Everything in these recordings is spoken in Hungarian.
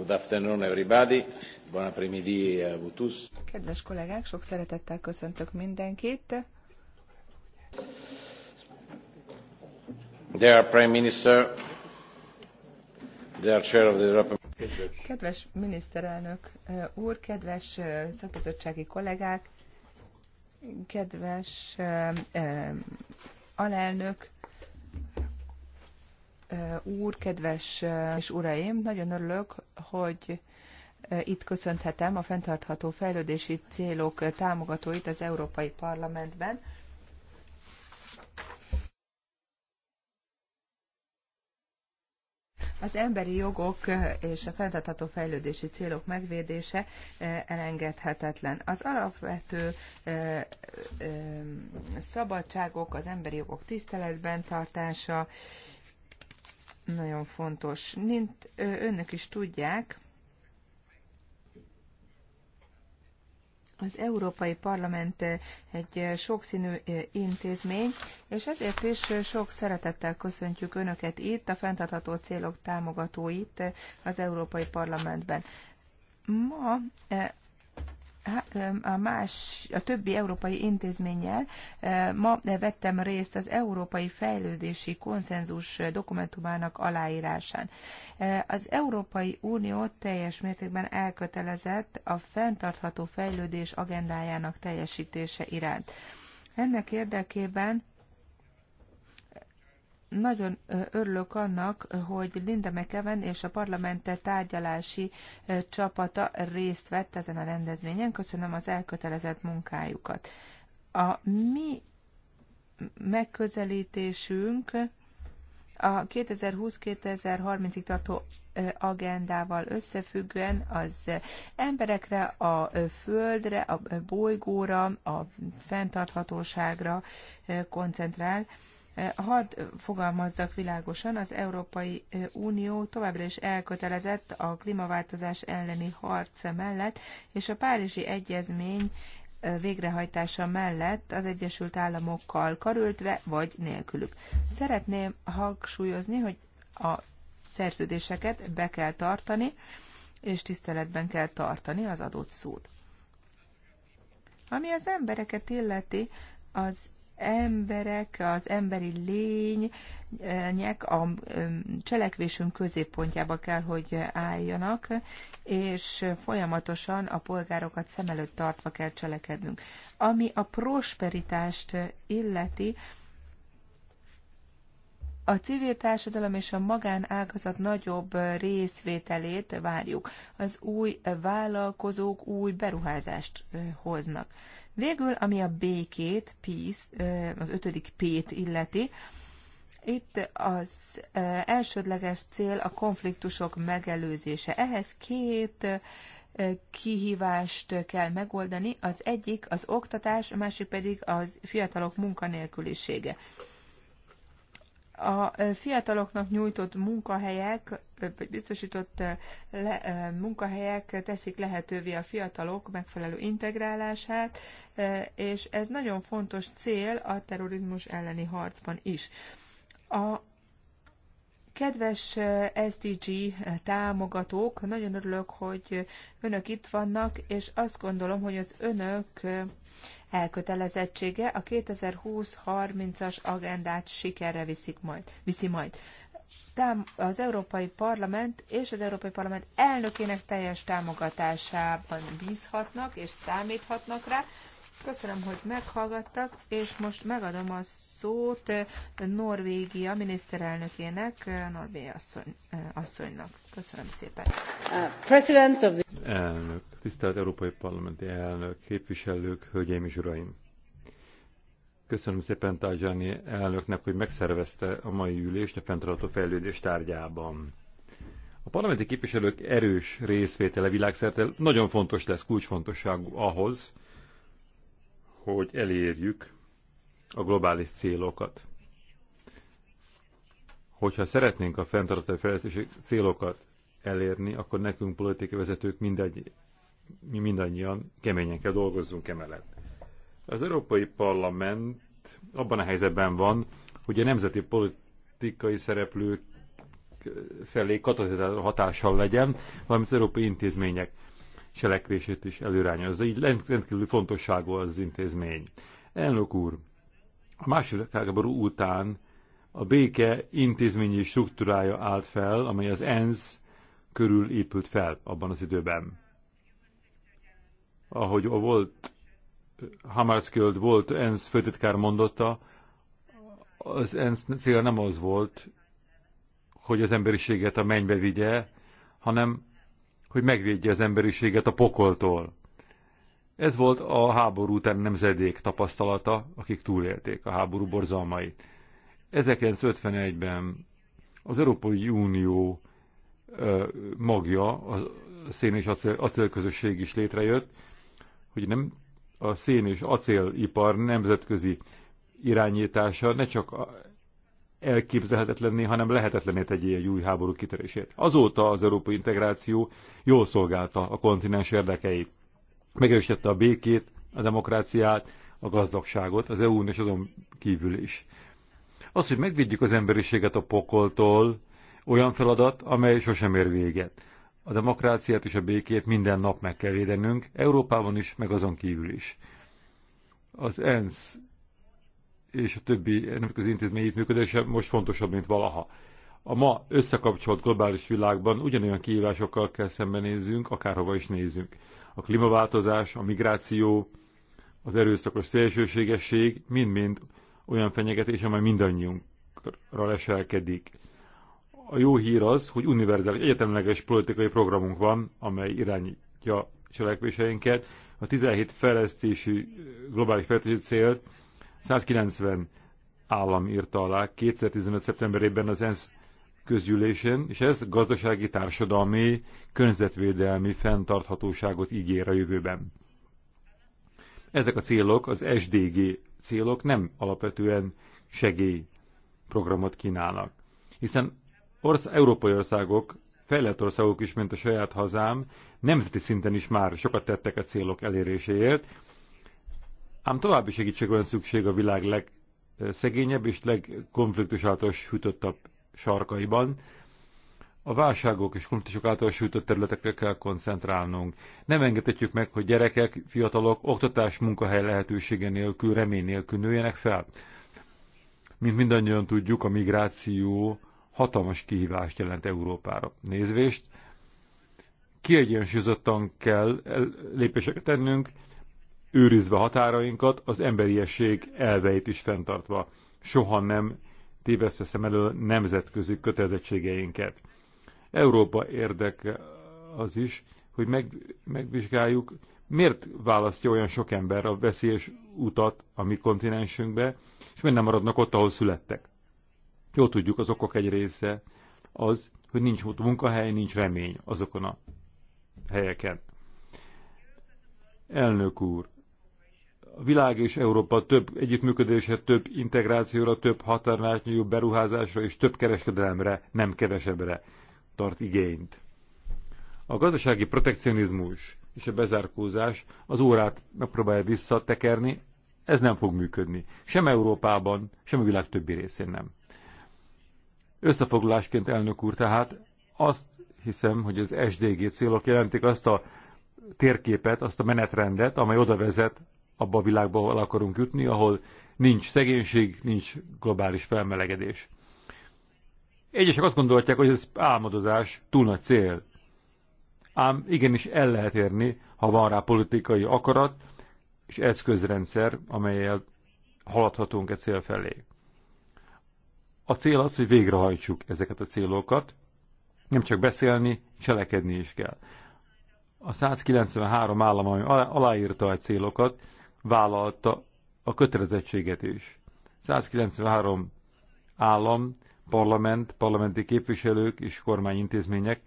Good afternoon everybody. Bon après-midi vous Kedves kollégák, sok szeretettel köszöntök mindenkit. Dear Prime Minister, dear Chair of the European Kedves miniszterelnök eh, úr, kedves eh, szakbizottsági kollégák, kedves eh, alelnök, úr, kedves és uraim, nagyon örülök, hogy itt köszönhetem a fenntartható fejlődési célok támogatóit az Európai Parlamentben. Az emberi jogok és a fenntartható fejlődési célok megvédése elengedhetetlen. Az alapvető szabadságok, az emberi jogok tiszteletben tartása nagyon fontos. Mint önök is tudják, az Európai Parlament egy sokszínű intézmény, és ezért is sok szeretettel köszöntjük Önöket itt, a fenntartható célok támogatóit az Európai Parlamentben. Ma a más, a többi európai intézménnyel eh, ma vettem részt az Európai Fejlődési Konszenzus dokumentumának aláírásán. Eh, az Európai Unió teljes mértékben elkötelezett a fenntartható fejlődés agendájának teljesítése iránt. Ennek érdekében nagyon örülök annak, hogy Linda McEwen és a parlament tárgyalási csapata részt vett ezen a rendezvényen. Köszönöm az elkötelezett munkájukat. A mi megközelítésünk a 2020-2030-ig tartó agendával összefüggően az emberekre, a földre, a bolygóra, a fenntarthatóságra koncentrál. Hadd fogalmazzak világosan, az Európai Unió továbbra is elkötelezett a klímaváltozás elleni harc mellett, és a Párizsi Egyezmény végrehajtása mellett az Egyesült Államokkal karöltve vagy nélkülük. Szeretném hangsúlyozni, hogy a szerződéseket be kell tartani, és tiszteletben kell tartani az adott szót. Ami az embereket illeti, az emberek, az emberi lények a cselekvésünk középpontjába kell, hogy álljanak, és folyamatosan a polgárokat szem előtt tartva kell cselekednünk. Ami a prosperitást illeti, a civil társadalom és a magánágazat nagyobb részvételét várjuk. Az új vállalkozók új beruházást hoznak. Végül, ami a békét, peace, az ötödik P-t illeti, itt az elsődleges cél a konfliktusok megelőzése. Ehhez két kihívást kell megoldani, az egyik az oktatás, a másik pedig az fiatalok munkanélkülisége a fiataloknak nyújtott munkahelyek, vagy biztosított eh, le, eh, munkahelyek teszik lehetővé a fiatalok megfelelő integrálását, eh, és ez nagyon fontos cél a terrorizmus elleni harcban is. A Kedves SDG támogatók, nagyon örülök, hogy önök itt vannak, és azt gondolom, hogy az önök elkötelezettsége a 2020-30-as agendát sikerre viszik majd, viszi majd. az Európai Parlament és az Európai Parlament elnökének teljes támogatásában bízhatnak és számíthatnak rá, Köszönöm, hogy meghallgattak, és most megadom a szót eh, Norvégia miniszterelnökének, eh, Norvégia asszony, eh, asszonynak. Köszönöm szépen. President of the... Elnök, tisztelt Európai Parlamenti elnök, képviselők, hölgyeim és uraim! Köszönöm szépen Tajani elnöknek, hogy megszervezte a mai ülést a fenntartható fejlődés tárgyában. A parlamenti képviselők erős részvétele világszerte nagyon fontos lesz, kulcsfontosságú ahhoz, hogy elérjük a globális célokat. Hogyha szeretnénk a fenntartható fejlesztési célokat elérni, akkor nekünk politikai vezetők mindegy, mi mindannyian keményen kell dolgozzunk emellett. Az Európai Parlament abban a helyzetben van, hogy a nemzeti politikai szereplők felé katalizátor hatással legyen, valamint az európai intézmények cselekvését is előrányozza. Így rendkívül fontosságú az intézmény. Elnök úr, a második háború után a béke intézményi struktúrája állt fel, amely az ENSZ körül épült fel abban az időben. Ahogy a volt Hammarskjöld volt ENSZ főtitkár mondotta, az ENSZ célja nem az volt, hogy az emberiséget a mennybe vigye, hanem hogy megvédje az emberiséget a pokoltól. Ez volt a háború után nemzedék tapasztalata, akik túlélték a háború borzalmait. 1951-ben az Európai Unió magja, a szén és acél, acélközösség is létrejött, hogy nem a szén és acélipar nemzetközi irányítása ne csak elképzelhetetlenné, hanem lehetetlené tegye egy új háború kitörését. Azóta az európai integráció jól szolgálta a kontinens érdekeit. Megerősítette a békét, a demokráciát, a gazdagságot, az EU-n és azon kívül is. Az, hogy megvédjük az emberiséget a pokoltól, olyan feladat, amely sosem ér véget. A demokráciát és a békét minden nap meg kell védenünk, Európában is, meg azon kívül is. Az ENSZ és a többi nemzetközi intézmény működése most fontosabb, mint valaha. A ma összekapcsolt globális világban ugyanolyan kihívásokkal kell szembenézzünk, akárhova is nézzünk. A klímaváltozás, a migráció, az erőszakos szélsőségesség mind-mind olyan fenyegetés, amely mindannyiunkra leselkedik. A jó hír az, hogy univerzális egyetemleges politikai programunk van, amely irányítja cselekvéseinket. A 17 fejlesztési, globális fejlesztési célt 190 állam írta alá 2015. szeptemberében az ENSZ közgyűlésen, és ez gazdasági, társadalmi, környezetvédelmi fenntarthatóságot ígér a jövőben. Ezek a célok, az SDG célok nem alapvetően segélyprogramot kínálnak, hiszen orsz európai országok, fejlett országok is, mint a saját hazám, nemzeti szinten is már sokat tettek a célok eléréséért, Ám további segítségre van szükség a világ legszegényebb és legkonfliktusáltal által sarkaiban. A válságok és konfliktusok által sújtott területekre kell koncentrálnunk. Nem engedhetjük meg, hogy gyerekek, fiatalok oktatás munkahely lehetősége nélkül, remény nélkül nőjenek fel. Mint mindannyian tudjuk, a migráció hatalmas kihívást jelent Európára. Nézvést, kiegyensúlyozottan kell lépéseket tennünk, őrizve határainkat, az emberiesség elveit is fenntartva. Soha nem tévesztve szem elől nemzetközi kötelezettségeinket. Európa érdek az is, hogy meg, megvizsgáljuk, miért választja olyan sok ember a veszélyes utat a mi kontinensünkbe, és miért nem maradnak ott, ahol születtek. Jól tudjuk, az okok egy része az, hogy nincs munkahely, nincs remény azokon a helyeken. Elnök úr, a világ és Európa több együttműködésre, több integrációra, több határnátnyújú beruházásra és több kereskedelemre, nem kevesebbre tart igényt. A gazdasági protekcionizmus és a bezárkózás az órát megpróbálja visszatekerni, ez nem fog működni. Sem Európában, sem a világ többi részén nem. Összefoglalásként elnök úr, tehát azt hiszem, hogy az SDG célok jelentik azt a térképet, azt a menetrendet, amely oda vezet, abba a világba el akarunk jutni, ahol nincs szegénység, nincs globális felmelegedés. Egyesek azt gondolják, hogy ez álmodozás, túl nagy cél. Ám igenis el lehet érni, ha van rá politikai akarat és eszközrendszer, amelyel haladhatunk e cél felé. A cél az, hogy végrehajtsuk ezeket a célokat, nem csak beszélni, cselekedni is kell. A 193 állam, ami aláírta a célokat, vállalta a kötelezettséget is. 193 állam, parlament, parlamenti képviselők és kormányintézmények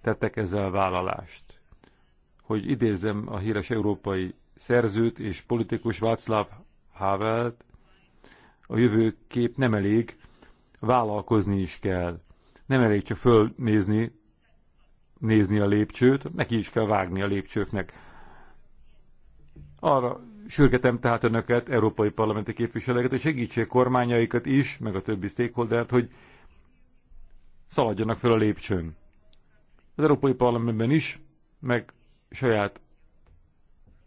tettek ezzel vállalást. Hogy idézem a híres európai szerzőt és politikus Václav Havelt, a jövőkép nem elég, vállalkozni is kell. Nem elég csak fölnézni, nézni a lépcsőt, neki is kell vágni a lépcsőknek. Arra sürgetem tehát önöket, európai parlamenti képviselőket, hogy segítsék kormányaikat is, meg a többi stakeholdert, hogy szaladjanak fel a lépcsőn. Az Európai Parlamentben is, meg saját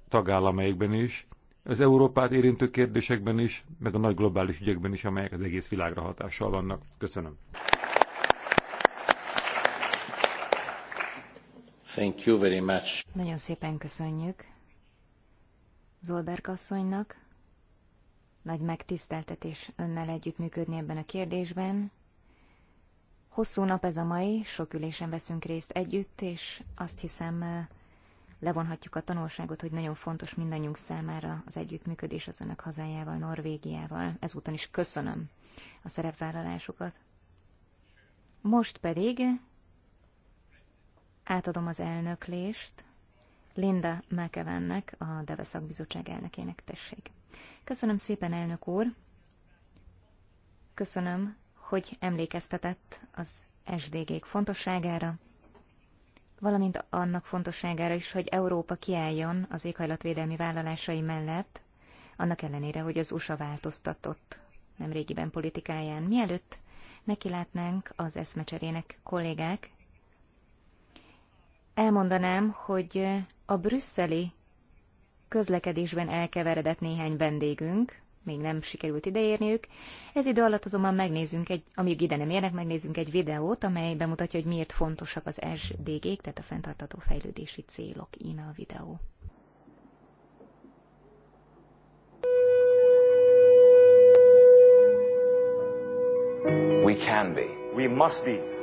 tagállamaikban is, az Európát érintő kérdésekben is, meg a nagy globális ügyekben is, amelyek az egész világra hatással vannak. Köszönöm. Thank you very much. Nagyon szépen köszönjük. Zolberg asszonynak. Nagy megtiszteltetés önnel együttműködni ebben a kérdésben. Hosszú nap ez a mai, sok ülésen veszünk részt együtt, és azt hiszem eh, levonhatjuk a tanulságot, hogy nagyon fontos mindannyiunk számára az együttműködés az önök hazájával, Norvégiával. Ezúton is köszönöm a szerepvállalásukat. Most pedig átadom az elnöklést Linda Mekevennek, a Deve Szakbizottság elnökének tessék. Köszönöm szépen, elnök úr! Köszönöm, hogy emlékeztetett az SDG-k fontosságára, valamint annak fontosságára is, hogy Európa kiálljon az éghajlatvédelmi vállalásai mellett, annak ellenére, hogy az USA változtatott nemrégiben politikáján. Mielőtt látnánk az eszmecserének kollégák, elmondanám, hogy a brüsszeli közlekedésben elkeveredett néhány vendégünk, még nem sikerült ideérniük. Ez idő alatt azonban megnézünk egy, amíg ide nem érnek, megnézünk egy videót, amely bemutatja, hogy miért fontosak az SDG-k, tehát a fenntartató fejlődési célok. Íme a videó. We can be. We must be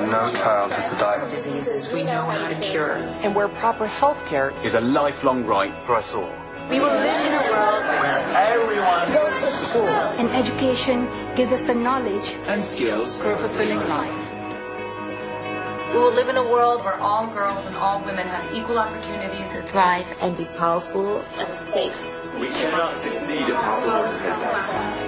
where no child has to die of diseases we know how to cure and where proper health care is a lifelong right for us all. We will live in a world where everyone goes to school and education gives us the knowledge and skills for a fulfilling life. We will live in a world where all girls and all women have equal opportunities to thrive and be powerful and safe. We cannot succeed if half the world is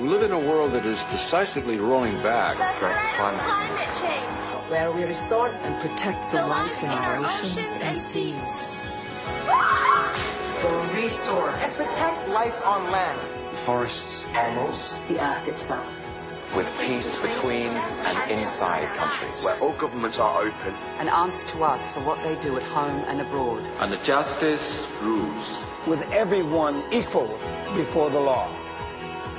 We live in a world that is decisively rolling back from climate change, where we restore and protect the, the life in our oceans, oceans and seas. The restore and protect life on land, the forests, animals, the earth itself with peace between and inside countries, where all governments are open and answer to us for what they do at home and abroad. And the justice rules. With everyone equal before the law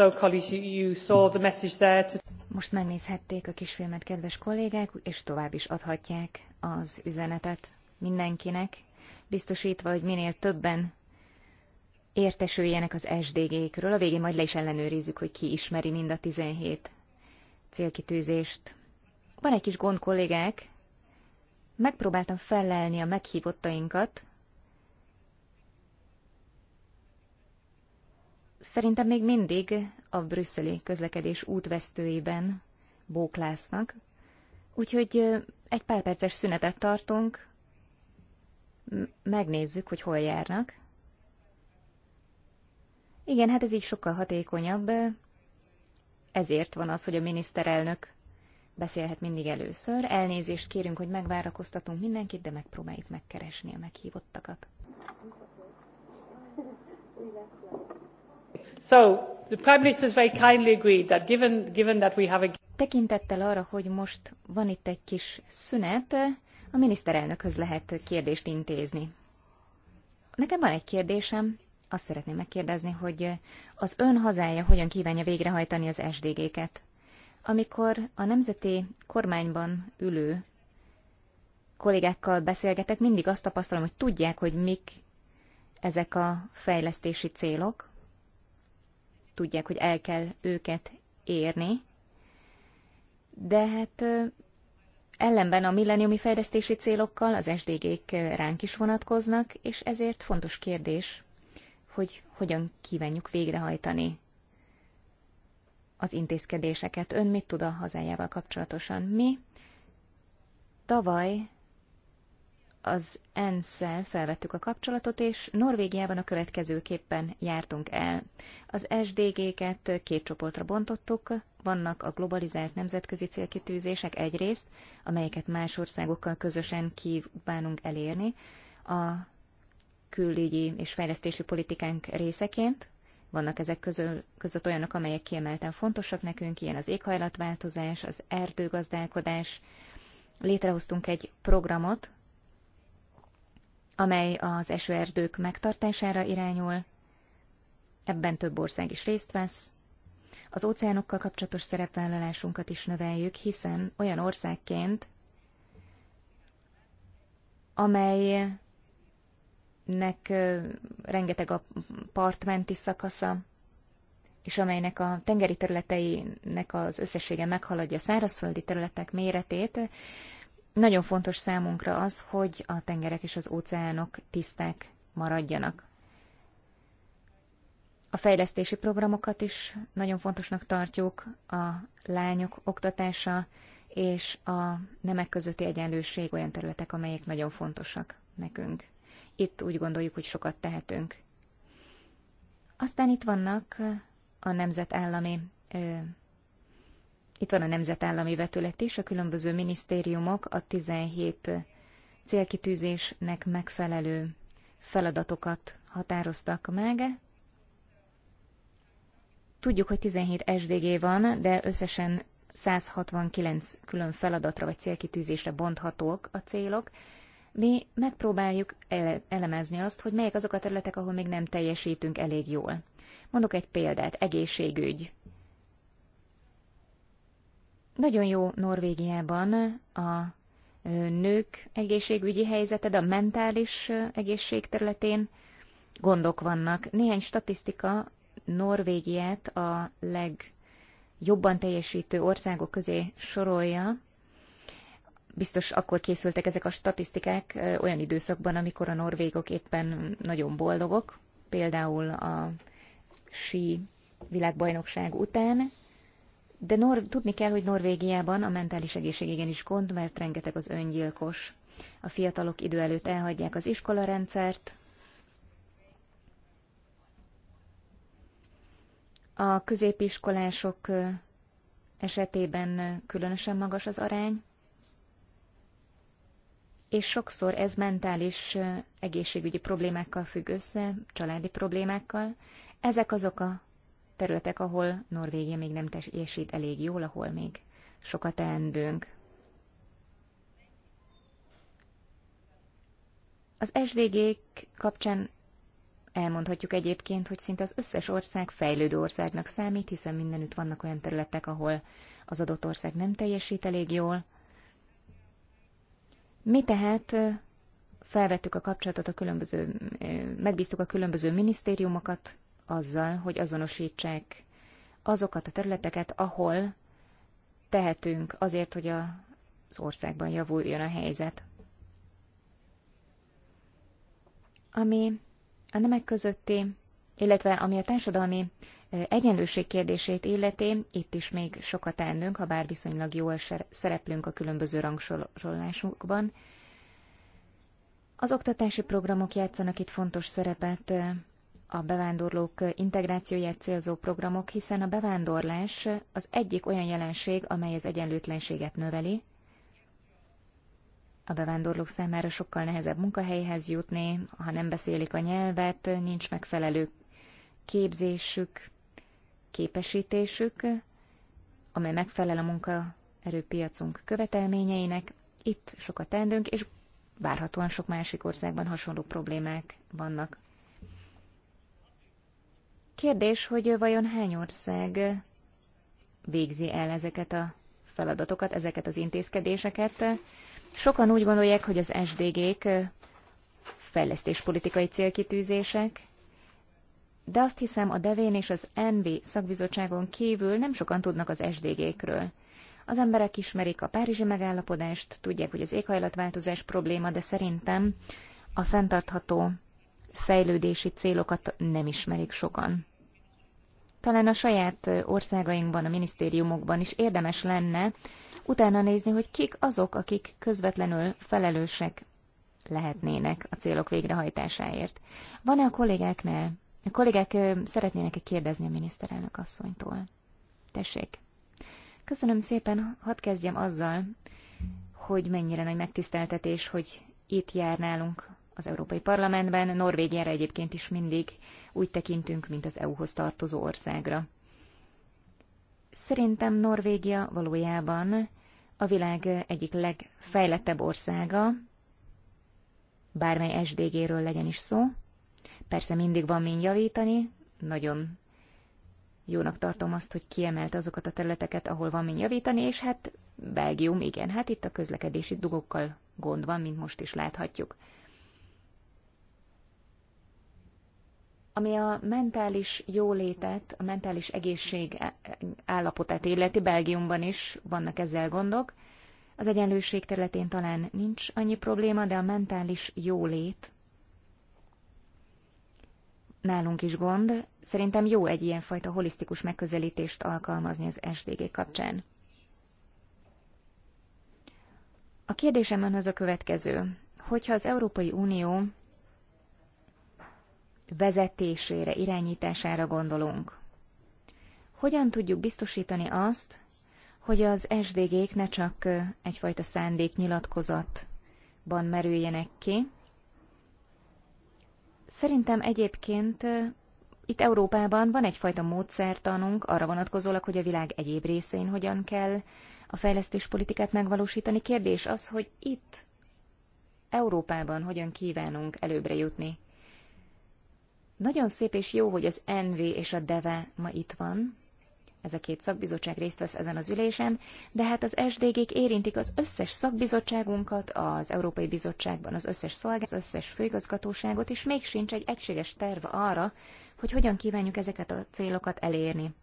So, you saw the message there to... Most megnézhették a kisfilmet, kedves kollégák, és tovább is adhatják az üzenetet mindenkinek, biztosítva, hogy minél többen értesüljenek az SDG-kről. A végén majd le is ellenőrizzük, hogy ki ismeri mind a 17 célkitűzést. Van egy kis gond, kollégák. Megpróbáltam felelni a meghívottainkat, szerintem még mindig a brüsszeli közlekedés útvesztőiben bóklásznak. Úgyhogy egy pár perces szünetet tartunk, megnézzük, hogy hol járnak. Igen, hát ez így sokkal hatékonyabb, ezért van az, hogy a miniszterelnök beszélhet mindig először. Elnézést kérünk, hogy megvárakoztatunk mindenkit, de megpróbáljuk megkeresni a meghívottakat. Thank you. So, the Prime Minister has very kindly agreed that given, given that we have a... Tekintettel arra, hogy most van itt egy kis szünet, a miniszterelnökhöz lehet kérdést intézni. Nekem van egy kérdésem, azt szeretném megkérdezni, hogy az ön hazája hogyan kívánja végrehajtani az SDG-ket? Amikor a nemzeti kormányban ülő kollégákkal beszélgetek, mindig azt tapasztalom, hogy tudják, hogy mik ezek a fejlesztési célok, tudják, hogy el kell őket érni. De hát ellenben a milleniumi fejlesztési célokkal az SDG-k ránk is vonatkoznak, és ezért fontos kérdés, hogy hogyan kívánjuk végrehajtani az intézkedéseket. Ön mit tud a hazájával kapcsolatosan? Mi tavaly az ensz felvettük a kapcsolatot, és Norvégiában a következőképpen jártunk el. Az SDG-ket két csoportra bontottuk, vannak a globalizált nemzetközi célkitűzések egyrészt, amelyeket más országokkal közösen kívánunk elérni, a külügyi és fejlesztési politikánk részeként, vannak ezek közül, között olyanok, amelyek kiemelten fontosak nekünk, ilyen az éghajlatváltozás, az erdőgazdálkodás. Létrehoztunk egy programot, amely az esőerdők megtartására irányul, ebben több ország is részt vesz. Az óceánokkal kapcsolatos szerepvállalásunkat is növeljük, hiszen olyan országként, amelynek rengeteg a partmenti szakasza, és amelynek a tengeri területeinek az összessége meghaladja a szárazföldi területek méretét, nagyon fontos számunkra az, hogy a tengerek és az óceánok tiszták maradjanak. A fejlesztési programokat is nagyon fontosnak tartjuk, a lányok oktatása és a nemek közötti egyenlőség olyan területek, amelyek nagyon fontosak nekünk. Itt úgy gondoljuk, hogy sokat tehetünk. Aztán itt vannak a nemzetállami itt van a nemzetállami vetület is, a különböző minisztériumok a 17 célkitűzésnek megfelelő feladatokat határoztak meg. Tudjuk, hogy 17 SDG van, de összesen 169 külön feladatra vagy célkitűzésre bonthatók a célok. Mi megpróbáljuk elemezni azt, hogy melyek azok a területek, ahol még nem teljesítünk elég jól. Mondok egy példát, egészségügy. Nagyon jó Norvégiában a nők egészségügyi helyzete, de a mentális egészség területén gondok vannak. Néhány statisztika Norvégiát a legjobban teljesítő országok közé sorolja. Biztos akkor készültek ezek a statisztikák olyan időszakban, amikor a norvégok éppen nagyon boldogok, például a sí világbajnokság után, de Nor- tudni kell, hogy Norvégiában a mentális egészség igenis gond, mert rengeteg az öngyilkos. A fiatalok idő előtt elhagyják az iskolarendszert, A középiskolások esetében különösen magas az arány, és sokszor ez mentális egészségügyi problémákkal függ össze, családi problémákkal. Ezek azok a területek, ahol Norvégia még nem teljesít elég jól, ahol még sokat teendőnk. Az sdg kapcsán elmondhatjuk egyébként, hogy szinte az összes ország fejlődő országnak számít, hiszen mindenütt vannak olyan területek, ahol az adott ország nem teljesít elég jól. Mi tehát felvettük a kapcsolatot a különböző, megbíztuk a különböző minisztériumokat, azzal, hogy azonosítsák azokat a területeket, ahol tehetünk azért, hogy az országban javuljon a helyzet. Ami a nemek közötti, illetve ami a társadalmi egyenlőség kérdését illeti, itt is még sokat tennünk, ha bár viszonylag jól szereplünk a különböző rangsorolásokban. Az oktatási programok játszanak itt fontos szerepet, a bevándorlók integrációját célzó programok, hiszen a bevándorlás az egyik olyan jelenség, amely az egyenlőtlenséget növeli. A bevándorlók számára sokkal nehezebb munkahelyhez jutni, ha nem beszélik a nyelvet, nincs megfelelő képzésük, képesítésük, amely megfelel a munkaerőpiacunk követelményeinek. Itt sok a teendőnk, és várhatóan sok másik országban hasonló problémák vannak. Kérdés, hogy vajon hány ország végzi el ezeket a feladatokat, ezeket az intézkedéseket. Sokan úgy gondolják, hogy az SDG-k fejlesztéspolitikai célkitűzések, de azt hiszem a Devén és az NB szakbizottságon kívül nem sokan tudnak az SDG-kről. Az emberek ismerik a párizsi megállapodást, tudják, hogy az éghajlatváltozás probléma, de szerintem a fenntartható fejlődési célokat nem ismerik sokan talán a saját országainkban, a minisztériumokban is érdemes lenne utána nézni, hogy kik azok, akik közvetlenül felelősek lehetnének a célok végrehajtásáért. Van-e a kollégáknál? A kollégák szeretnének-e kérdezni a miniszterelnök asszonytól? Tessék. Köszönöm szépen, hadd kezdjem azzal, hogy mennyire nagy megtiszteltetés, hogy itt jár nálunk az Európai Parlamentben, Norvégiára egyébként is mindig úgy tekintünk, mint az EU-hoz tartozó országra. Szerintem Norvégia valójában a világ egyik legfejlettebb országa, bármely SDG-ről legyen is szó. Persze mindig van mind javítani, nagyon jónak tartom azt, hogy kiemelt azokat a területeket, ahol van mind javítani, és hát Belgium, igen, hát itt a közlekedési dugokkal gond van, mint most is láthatjuk. ami a mentális jólétet, a mentális egészség állapotát illeti, Belgiumban is vannak ezzel gondok. Az egyenlőség területén talán nincs annyi probléma, de a mentális jólét nálunk is gond. Szerintem jó egy ilyenfajta holisztikus megközelítést alkalmazni az SDG kapcsán. A kérdésem önhöz a következő. Hogyha az Európai Unió vezetésére, irányítására gondolunk. Hogyan tudjuk biztosítani azt, hogy az SDG-k ne csak egyfajta szándéknyilatkozatban merüljenek ki? Szerintem egyébként itt Európában van egyfajta módszertanunk arra vonatkozólag, hogy a világ egyéb részein hogyan kell a fejlesztéspolitikát megvalósítani. Kérdés az, hogy itt Európában hogyan kívánunk előbbre jutni nagyon szép és jó, hogy az NV és a DEVE ma itt van. Ez a két szakbizottság részt vesz ezen az ülésen, de hát az SDG-k érintik az összes szakbizottságunkat, az Európai Bizottságban az összes szolgálat, az összes főigazgatóságot, és még sincs egy egységes terv arra, hogy hogyan kívánjuk ezeket a célokat elérni.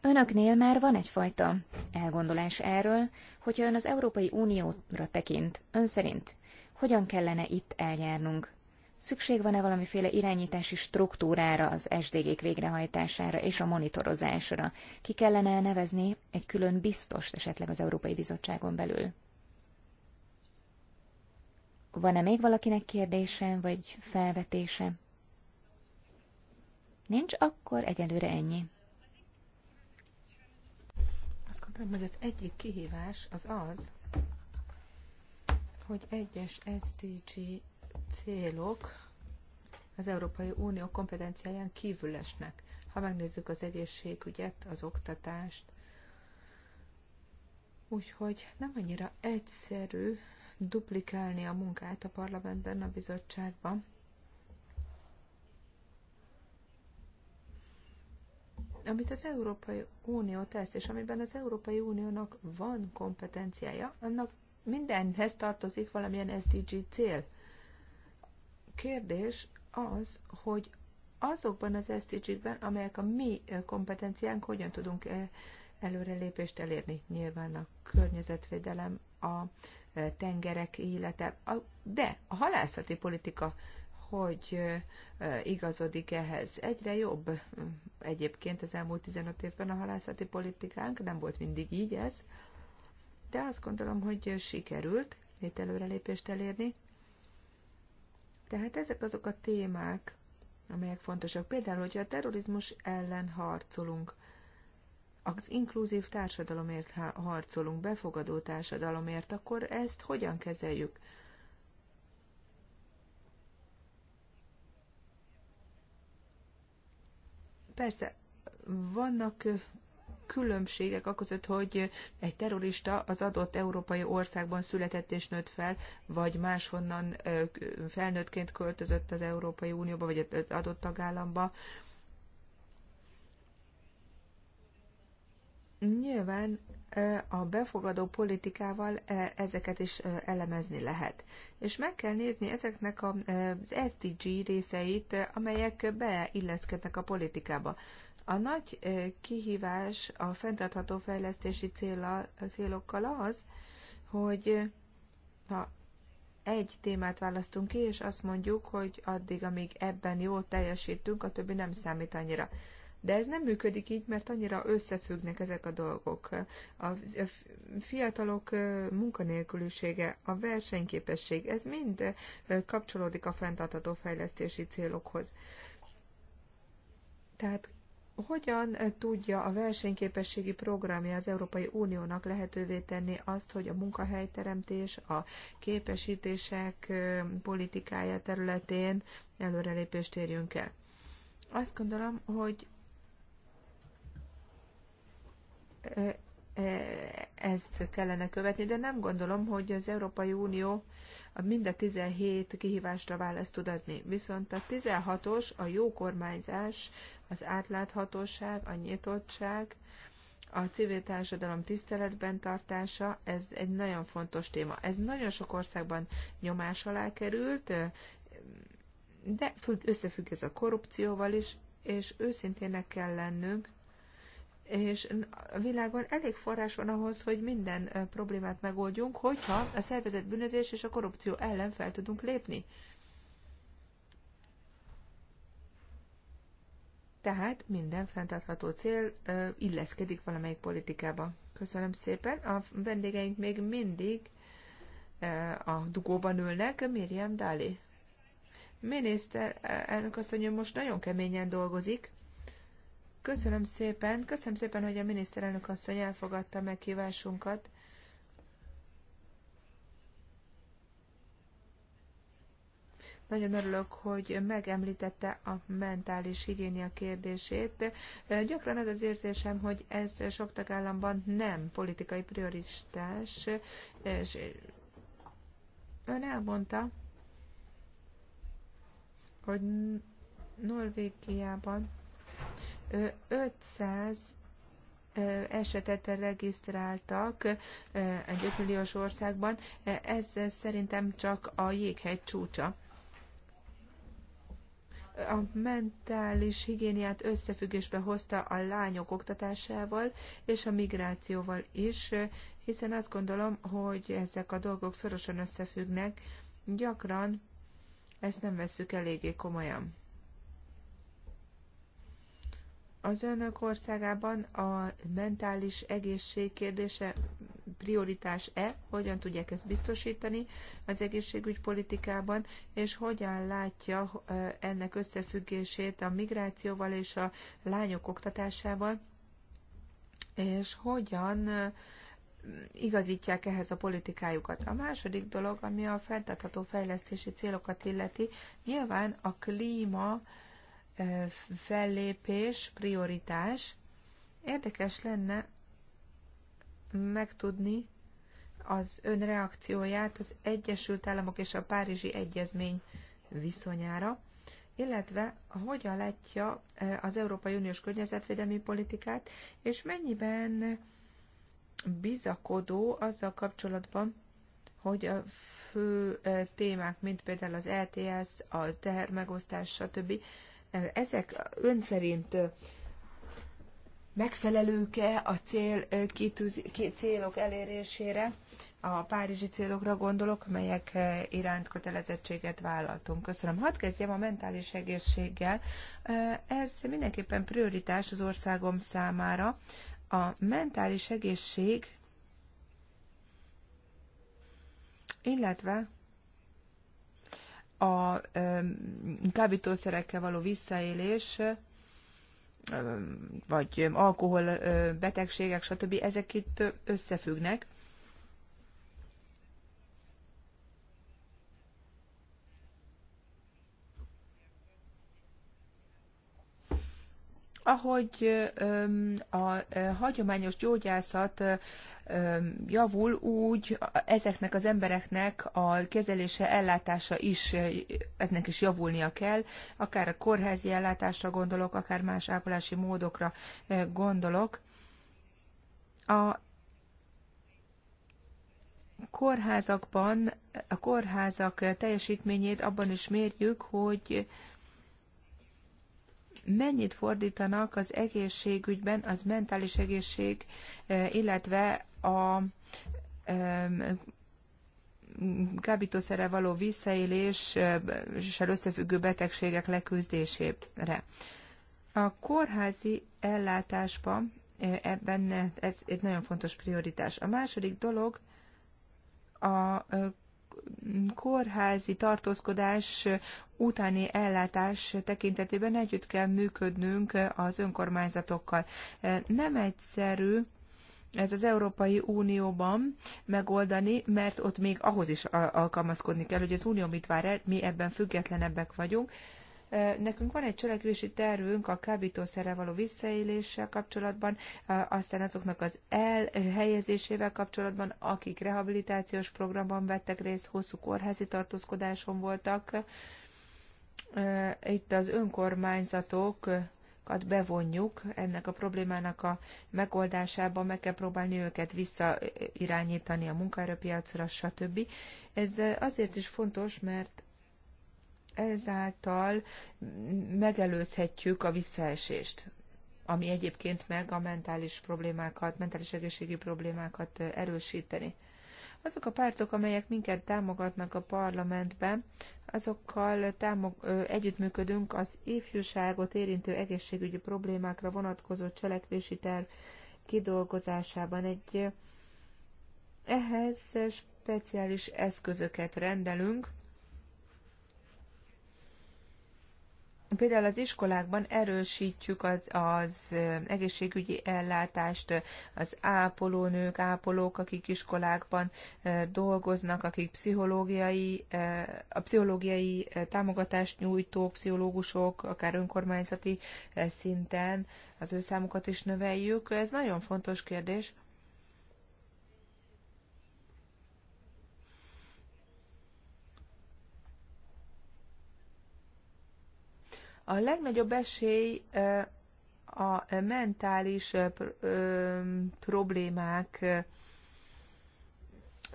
Önöknél már van egyfajta elgondolás erről, hogyha ön az Európai Unióra tekint, ön szerint hogyan kellene itt eljárnunk? Szükség van-e valamiféle irányítási struktúrára, az SDG-k végrehajtására és a monitorozásra? Ki kellene nevezni egy külön biztos esetleg az Európai Bizottságon belül? Van-e még valakinek kérdése vagy felvetése? Nincs, akkor egyelőre ennyi. Azt gondolom, hogy az egyik kihívás az az, hogy egyes SDG célok az Európai Unió kompetenciáján kívül esnek. Ha megnézzük az egészségügyet, az oktatást, úgyhogy nem annyira egyszerű duplikálni a munkát a parlamentben, a bizottságban. Amit az Európai Unió tesz, és amiben az Európai Uniónak van kompetenciája, annak mindenhez tartozik valamilyen SDG cél kérdés az, hogy azokban az sdg ben amelyek a mi eh, kompetenciánk, hogyan tudunk eh, előrelépést elérni. Nyilván a környezetvédelem, a eh, tengerek élete, de a halászati politika hogy igazodik ehhez. Egyre jobb hm, egyébként az elmúlt 15 évben a halászati politikánk, nem volt mindig így ez, de azt gondolom, hogy sikerült itt előrelépést elérni. Tehát ezek azok a témák, amelyek fontosak. Például, hogyha a terrorizmus ellen harcolunk, az inkluzív társadalomért harcolunk, befogadó társadalomért, akkor ezt hogyan kezeljük? Persze, vannak különbségek aközött, hogy egy terrorista az adott európai országban született és nőtt fel, vagy máshonnan felnőttként költözött az Európai Unióba, vagy az adott tagállamba. Nyilván a befogadó politikával ezeket is elemezni lehet. És meg kell nézni ezeknek az SDG részeit, amelyek beilleszkednek a politikába. A nagy kihívás a fenntartható fejlesztési célokkal az, hogy ha egy témát választunk ki, és azt mondjuk, hogy addig, amíg ebben jól teljesítünk, a többi nem számít annyira. De ez nem működik így, mert annyira összefüggnek ezek a dolgok. A fiatalok munkanélkülisége, a versenyképesség, ez mind kapcsolódik a fenntartható fejlesztési célokhoz. Tehát hogyan eh, tudja a versenyképességi programja az Európai Uniónak lehetővé tenni azt, hogy a munkahelyteremtés, a képesítések eh, politikája területén előrelépést érjünk el? Azt gondolom, hogy eh, E, ezt kellene követni, de nem gondolom, hogy az Európai Unió mind a 17 kihívásra választ tud adni. Viszont a 16-os a jó kormányzás, az átláthatóság, a nyitottság, a civil társadalom tiszteletben tartása, ez egy nagyon fontos téma. Ez nagyon sok országban nyomás alá került, e, de függ, összefügg ez a korrupcióval is, és őszintének kell lennünk, és a világon elég forrás van ahhoz, hogy minden problémát megoldjunk, hogyha a szervezett bűnözés és a korrupció ellen fel tudunk lépni. Tehát minden fenntartható cél illeszkedik valamelyik politikába. Köszönöm szépen. A vendégeink még mindig a dugóban ülnek. Miriam Dali. Miniszter elnök asszony most nagyon keményen dolgozik Köszönöm szépen, köszönöm szépen, hogy a miniszterelnök asszony elfogadta meghívásunkat. Nagyon örülök, hogy megemlítette a mentális higiénia kérdését. Gyakran az az érzésem, hogy ez sok tagállamban nem politikai prioritás. És ön elmondta, hogy Norvégiában 500 esetet regisztráltak egy 5 milliós országban. Ez szerintem csak a jéghegy csúcsa. A mentális higiéniát összefüggésbe hozta a lányok oktatásával és a migrációval is, hiszen azt gondolom, hogy ezek a dolgok szorosan összefüggnek. Gyakran ezt nem veszük eléggé komolyan. Az önök országában a mentális egészség kérdése prioritás-e? Hogyan tudják ezt biztosítani az egészségügy politikában, és hogyan látja ennek összefüggését a migrációval és a lányok oktatásával, és hogyan igazítják ehhez a politikájukat. A második dolog, ami a fenntartható fejlesztési célokat illeti, nyilván a klíma, fellépés prioritás. Érdekes lenne megtudni az ön reakcióját az Egyesült Államok és a Párizsi Egyezmény viszonyára, illetve hogyan látja az Európai Uniós környezetvédelmi politikát, és mennyiben bizakodó azzal kapcsolatban, hogy a fő témák, mint például az LTS, e a tehermegosztás, stb ezek ön szerint megfelelők-e a cél, kitűz, ki, célok elérésére, a párizsi célokra gondolok, melyek iránt kötelezettséget vállaltunk. Köszönöm. Hadd kezdjem a mentális egészséggel. Ez mindenképpen prioritás az országom számára. A mentális egészség, illetve a kábítószerekkel való visszaélés, vagy alkohol betegségek, stb. ezek itt összefüggnek. ahogy a hagyományos gyógyászat javul, úgy ezeknek az embereknek a kezelése, ellátása is, eznek is javulnia kell, akár a kórházi ellátásra gondolok, akár más ápolási módokra gondolok. A kórházakban, a kórházak teljesítményét abban is mérjük, hogy mennyit fordítanak az egészségügyben, az mentális egészség, e, illetve a e, kábítószerrel való a összefüggő betegségek leküzdésére. A kórházi ellátásban e, ebben ez egy nagyon fontos prioritás. A második dolog a kórházi tartózkodás utáni ellátás tekintetében együtt kell működnünk az önkormányzatokkal. Nem egyszerű ez az Európai Unióban megoldani, mert ott még ahhoz is alkalmazkodni kell, hogy az Unió mit vár el, mi ebben függetlenebbek vagyunk, Nekünk van egy cselekvési tervünk a kábítószerrel való visszaéléssel kapcsolatban, aztán azoknak az elhelyezésével kapcsolatban, akik rehabilitációs programban vettek részt, hosszú kórházi tartózkodáson voltak. Itt az önkormányzatok bevonjuk ennek a problémának a megoldásába, meg kell próbálni őket visszairányítani a munkaerőpiacra, stb. Ez azért is fontos, mert ezáltal megelőzhetjük a visszaesést, ami egyébként meg a mentális problémákat, mentális egészségi problémákat erősíteni. Azok a pártok, amelyek minket támogatnak a parlamentben, azokkal támog, együttműködünk az ifjúságot érintő egészségügyi problémákra vonatkozó cselekvési terv kidolgozásában. Egy ehhez speciális eszközöket rendelünk, Például az iskolákban erősítjük az, az egészségügyi ellátást, az ápolónők, ápolók, akik iskolákban dolgoznak, akik pszichológiai, a pszichológiai támogatást nyújtók, pszichológusok, akár önkormányzati szinten az ő számukat is növeljük. Ez nagyon fontos kérdés. A legnagyobb esély a mentális problémák,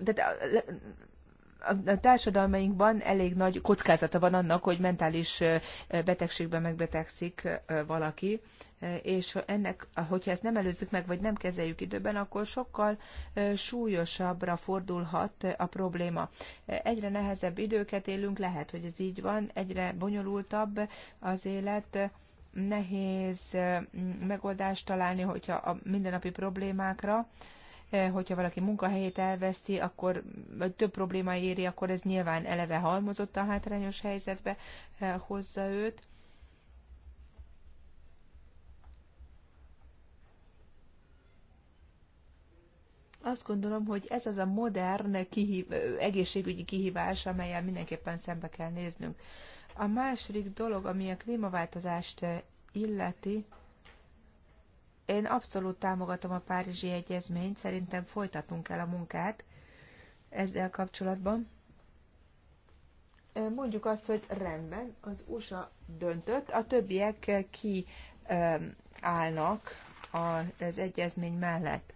tehát a társadalmainkban elég nagy kockázata van annak, hogy mentális betegségben megbetegszik valaki, és ennek, hogyha ezt nem előzzük meg, vagy nem kezeljük időben, akkor sokkal súlyosabbra fordulhat a probléma. Egyre nehezebb időket élünk, lehet, hogy ez így van, egyre bonyolultabb az élet, nehéz megoldást találni, hogyha a mindennapi problémákra, Eh, hogyha valaki munkahelyét elveszti, akkor vagy több probléma éri, akkor ez nyilván eleve halmozott a hátrányos helyzetbe eh, hozza őt. Azt gondolom, hogy ez az a modern kihív, egészségügyi kihívás, amelyel mindenképpen szembe kell néznünk. A második dolog, ami a klímaváltozást eh, illeti, én abszolút támogatom a Párizsi Egyezményt, szerintem folytatunk kell a munkát ezzel kapcsolatban. Mondjuk azt, hogy rendben, az USA döntött, a többiek ki állnak az egyezmény mellett.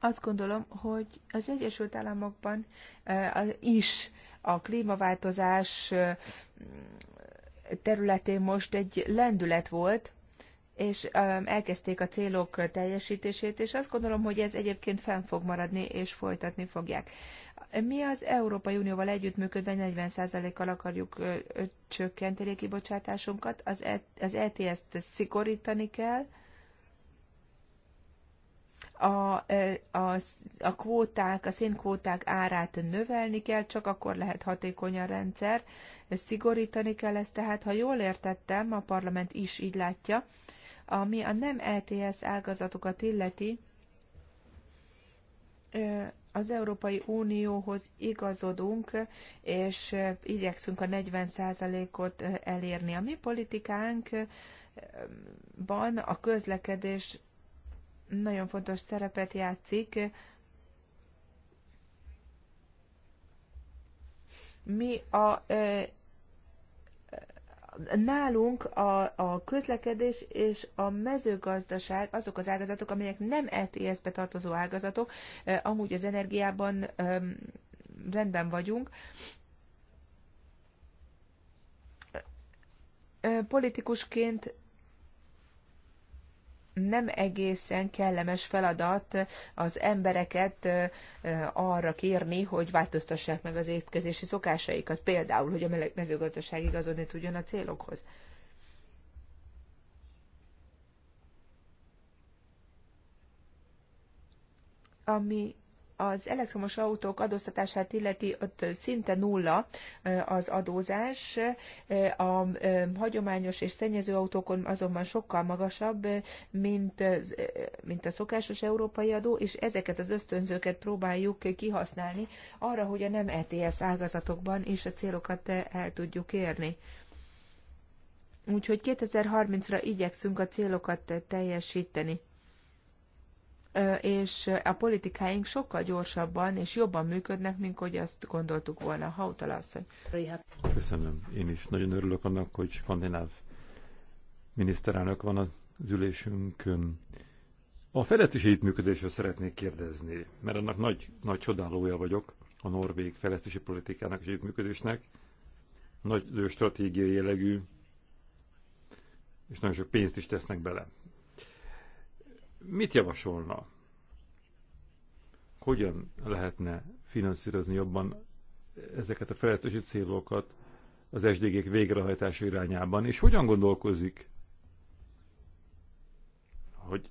Azt gondolom, hogy az Egyesült Államokban eh, is a klímaváltozás területén most egy lendület volt, és um, elkezdték a célok teljesítését, és azt gondolom, hogy ez egyébként fenn fog maradni, és folytatni fogják. Mi az Európai Unióval együttműködve 40%-kal akarjuk csökkenteni a kibocsátásunkat, az, ETS-t e szigorítani kell, a, e, a, a kvóták, a szénkvóták árát növelni kell, csak akkor lehet hatékony a rendszer, szigorítani kell ezt, tehát ha jól értettem, a parlament is így látja, ami a nem ETS ágazatokat illeti, az Európai Unióhoz igazodunk, és igyekszünk a 40%-ot elérni. A mi politikánk van a közlekedés nagyon fontos szerepet játszik. Mi a nálunk a, a közlekedés és a mezőgazdaság azok az ágazatok, amelyek nem ETS-be tartozó ágazatok, amúgy az energiában rendben vagyunk. Politikusként nem egészen kellemes feladat az embereket arra kérni, hogy változtassák meg az étkezési szokásaikat, például, hogy a mezőgazdaság igazodni tudjon a célokhoz. Ami az elektromos autók adóztatását illeti, ott szinte nulla az adózás, a hagyományos és szennyező autókon azonban sokkal magasabb, mint, mint a szokásos európai adó, és ezeket az ösztönzőket próbáljuk kihasználni arra, hogy a nem ETS ágazatokban is a célokat el tudjuk érni. Úgyhogy 2030-ra igyekszünk a célokat teljesíteni és a politikáink sokkal gyorsabban és jobban működnek, mint hogy azt gondoltuk volna. Hautala asszony. Köszönöm. Én is nagyon örülök annak, hogy skandináv miniszterelnök van az ülésünkön. A fejlesztési működésről szeretnék kérdezni, mert annak nagy, nagy csodálója vagyok a norvég fejlesztési politikának és működésnek. Nagy stratégiai jellegű, és nagyon sok pénzt is tesznek bele mit javasolna? Hogyan lehetne finanszírozni jobban ezeket a fejlesztési célokat az SDG-k végrehajtása irányában, és hogyan gondolkozik, hogy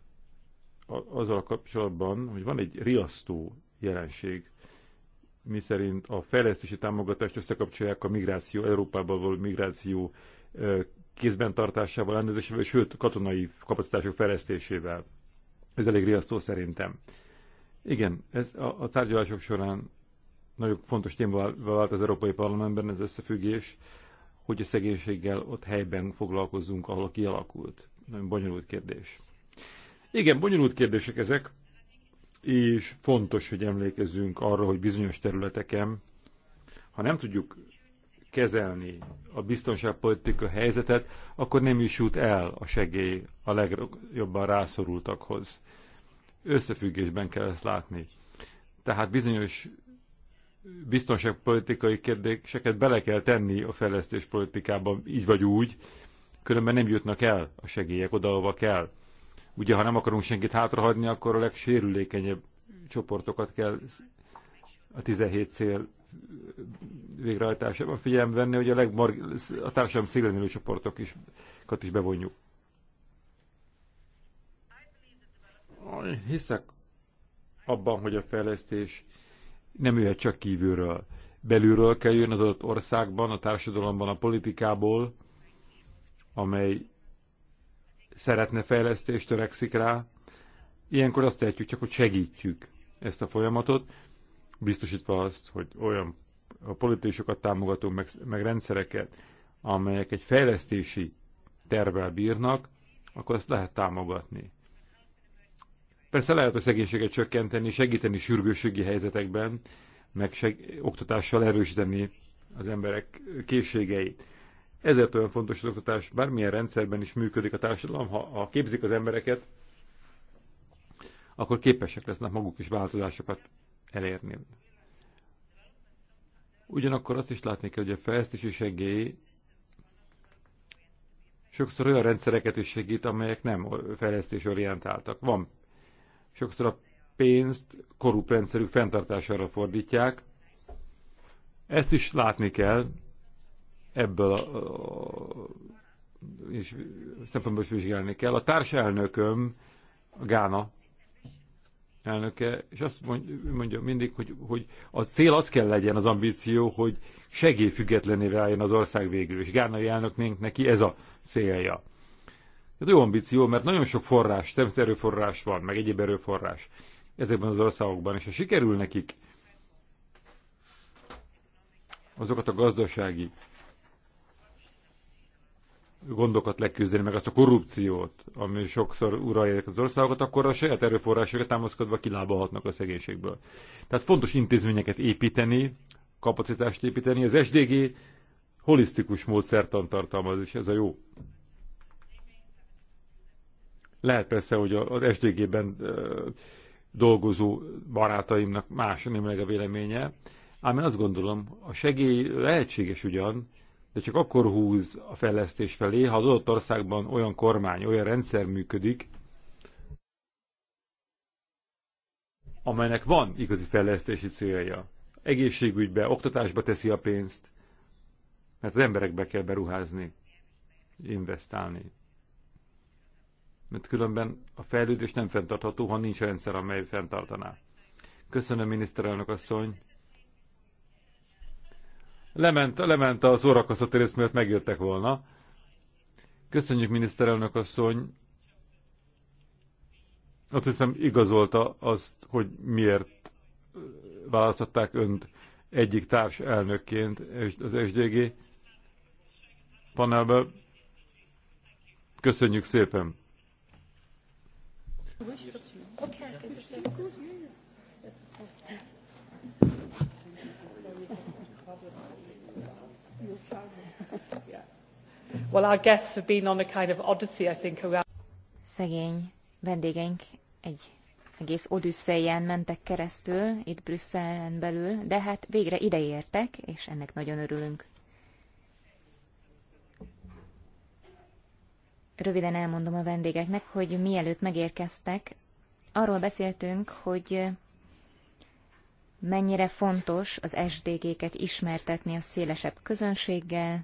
azzal kapcsolatban, hogy van egy riasztó jelenség, mi szerint a fejlesztési támogatást összekapcsolják a migráció, Európából való migráció kézben tartásával, ellenőrzésével, sőt katonai kapacitások fejlesztésével. Ez elég riasztó szerintem. Igen, ez a, a tárgyalások során nagyon fontos témával vált az Európai Parlamentben ez összefüggés, hogy a szegénységgel ott helyben foglalkozzunk, ahol kialakult. Nagyon bonyolult kérdés. Igen, bonyolult kérdések ezek, és fontos, hogy emlékezzünk arra, hogy bizonyos területeken, ha nem tudjuk kezelni a biztonságpolitika helyzetet, akkor nem is jut el a segély a legjobban rászorultakhoz. Összefüggésben kell ezt látni. Tehát bizonyos biztonságpolitikai kérdéseket bele kell tenni a fejlesztéspolitikába, így vagy úgy, különben nem jutnak el a segélyek oda, ahova kell. Ugye, ha nem akarunk senkit hátrahagyni, akkor a legsérülékenyebb csoportokat kell a 17 cél végrehajtásában figyelembe venni, hogy a, legmar, a társadalom szélenülő csoportokat is, is bevonjuk. Hiszek abban, hogy a fejlesztés nem jöhet csak kívülről. Belülről kell jön az adott országban, a társadalomban, a politikából, amely szeretne fejlesztést, törekszik rá. Ilyenkor azt tehetjük csak, hogy segítjük ezt a folyamatot, biztosítva azt, hogy olyan a politikusokat támogató meg, meg rendszereket, amelyek egy fejlesztési tervvel bírnak, akkor ezt lehet támogatni. Persze lehet a szegénységet csökkenteni, segíteni sürgőségi helyzetekben, meg seg- oktatással erősíteni az emberek készségeit. Ezért olyan fontos az oktatás, bármilyen rendszerben is működik a társadalom, ha, ha képzik az embereket, akkor képesek lesznek maguk is változásokat elérni. Ugyanakkor azt is látni kell, hogy a fejlesztési segély sokszor olyan rendszereket is segít, amelyek nem fejlesztés orientáltak. Van. Sokszor a pénzt korrupt rendszerük fenntartására fordítják. Ezt is látni kell, ebből a, a, és szempontból is vizsgálni kell. A társelnököm, a Gána elnöke, és azt mondja mindig, hogy, hogy a cél az kell legyen az ambíció, hogy segélyfüggetlené váljon az ország végül, és Gánai elnöknénk neki ez a célja. Ez jó ambíció, mert nagyon sok forrás, természet erőforrás van, meg egyéb erőforrás ezekben az országokban, és ha sikerül nekik azokat a gazdasági gondokat leküzdeni, meg azt a korrupciót, ami sokszor uralják az országokat, akkor a saját erőforrásokra támaszkodva kilábalhatnak a szegénységből. Tehát fontos intézményeket építeni, kapacitást építeni. Az SDG holisztikus módszertan tartalmaz, és ez a jó. Lehet persze, hogy az SDG-ben dolgozó barátaimnak más nem a véleménye, ám én azt gondolom, a segély lehetséges ugyan, de csak akkor húz a fejlesztés felé, ha az adott országban olyan kormány, olyan rendszer működik, amelynek van igazi fejlesztési célja. Egészségügybe, oktatásba teszi a pénzt, mert az emberekbe kell beruházni, investálni. Mert különben a fejlődés nem fenntartható, ha nincs rendszer, amely fenntartaná. Köszönöm, miniszterelnök asszony! lement, lement a szórakoztató rész miatt megjöttek volna. Köszönjük, miniszterelnök asszony. Azt hiszem igazolta azt, hogy miért választották önt egyik társ elnökként az SDG panelbe. Köszönjük szépen! Okay. Well, our guests have been on a kind of odyssey, I think, around... Szegény vendégeink egy egész odüsszeien mentek keresztül, itt Brüsszelen belül, de hát végre ideértek, és ennek nagyon örülünk. Röviden elmondom a vendégeknek, hogy mielőtt megérkeztek, arról beszéltünk, hogy mennyire fontos az SDG-ket ismertetni a szélesebb közönséggel,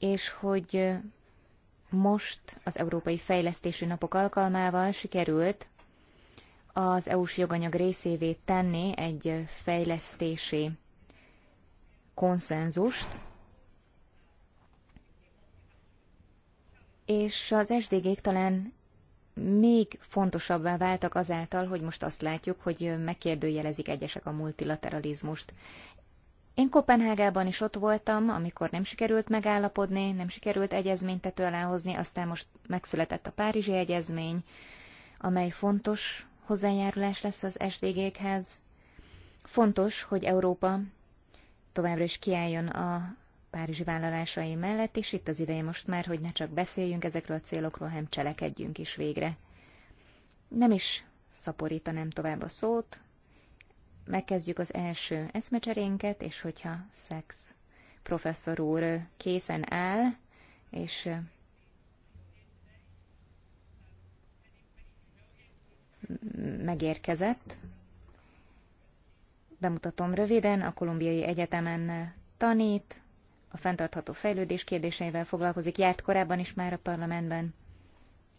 és hogy most az Európai Fejlesztési Napok alkalmával sikerült az EU-s joganyag részévé tenni egy fejlesztési konszenzust, és az SDG-k talán még fontosabbá váltak azáltal, hogy most azt látjuk, hogy megkérdőjelezik egyesek a multilateralizmust. Én Kopenhágában is ott voltam, amikor nem sikerült megállapodni, nem sikerült egyezményt aláhozni, aztán most megszületett a Párizsi Egyezmény, amely fontos hozzájárulás lesz az SDG-khez. Fontos, hogy Európa továbbra is kiálljon a Párizsi vállalásai mellett, és itt az ideje most már, hogy ne csak beszéljünk ezekről a célokról, hanem cselekedjünk is végre. Nem is szaporítanám tovább a szót, megkezdjük az első eszmecserénket, és hogyha szex professzor úr készen áll, és mm, megérkezett. Bemutatom röviden, a Kolumbiai Egyetemen tanít, a fenntartható fejlődés kérdéseivel foglalkozik, járt korábban is már a parlamentben,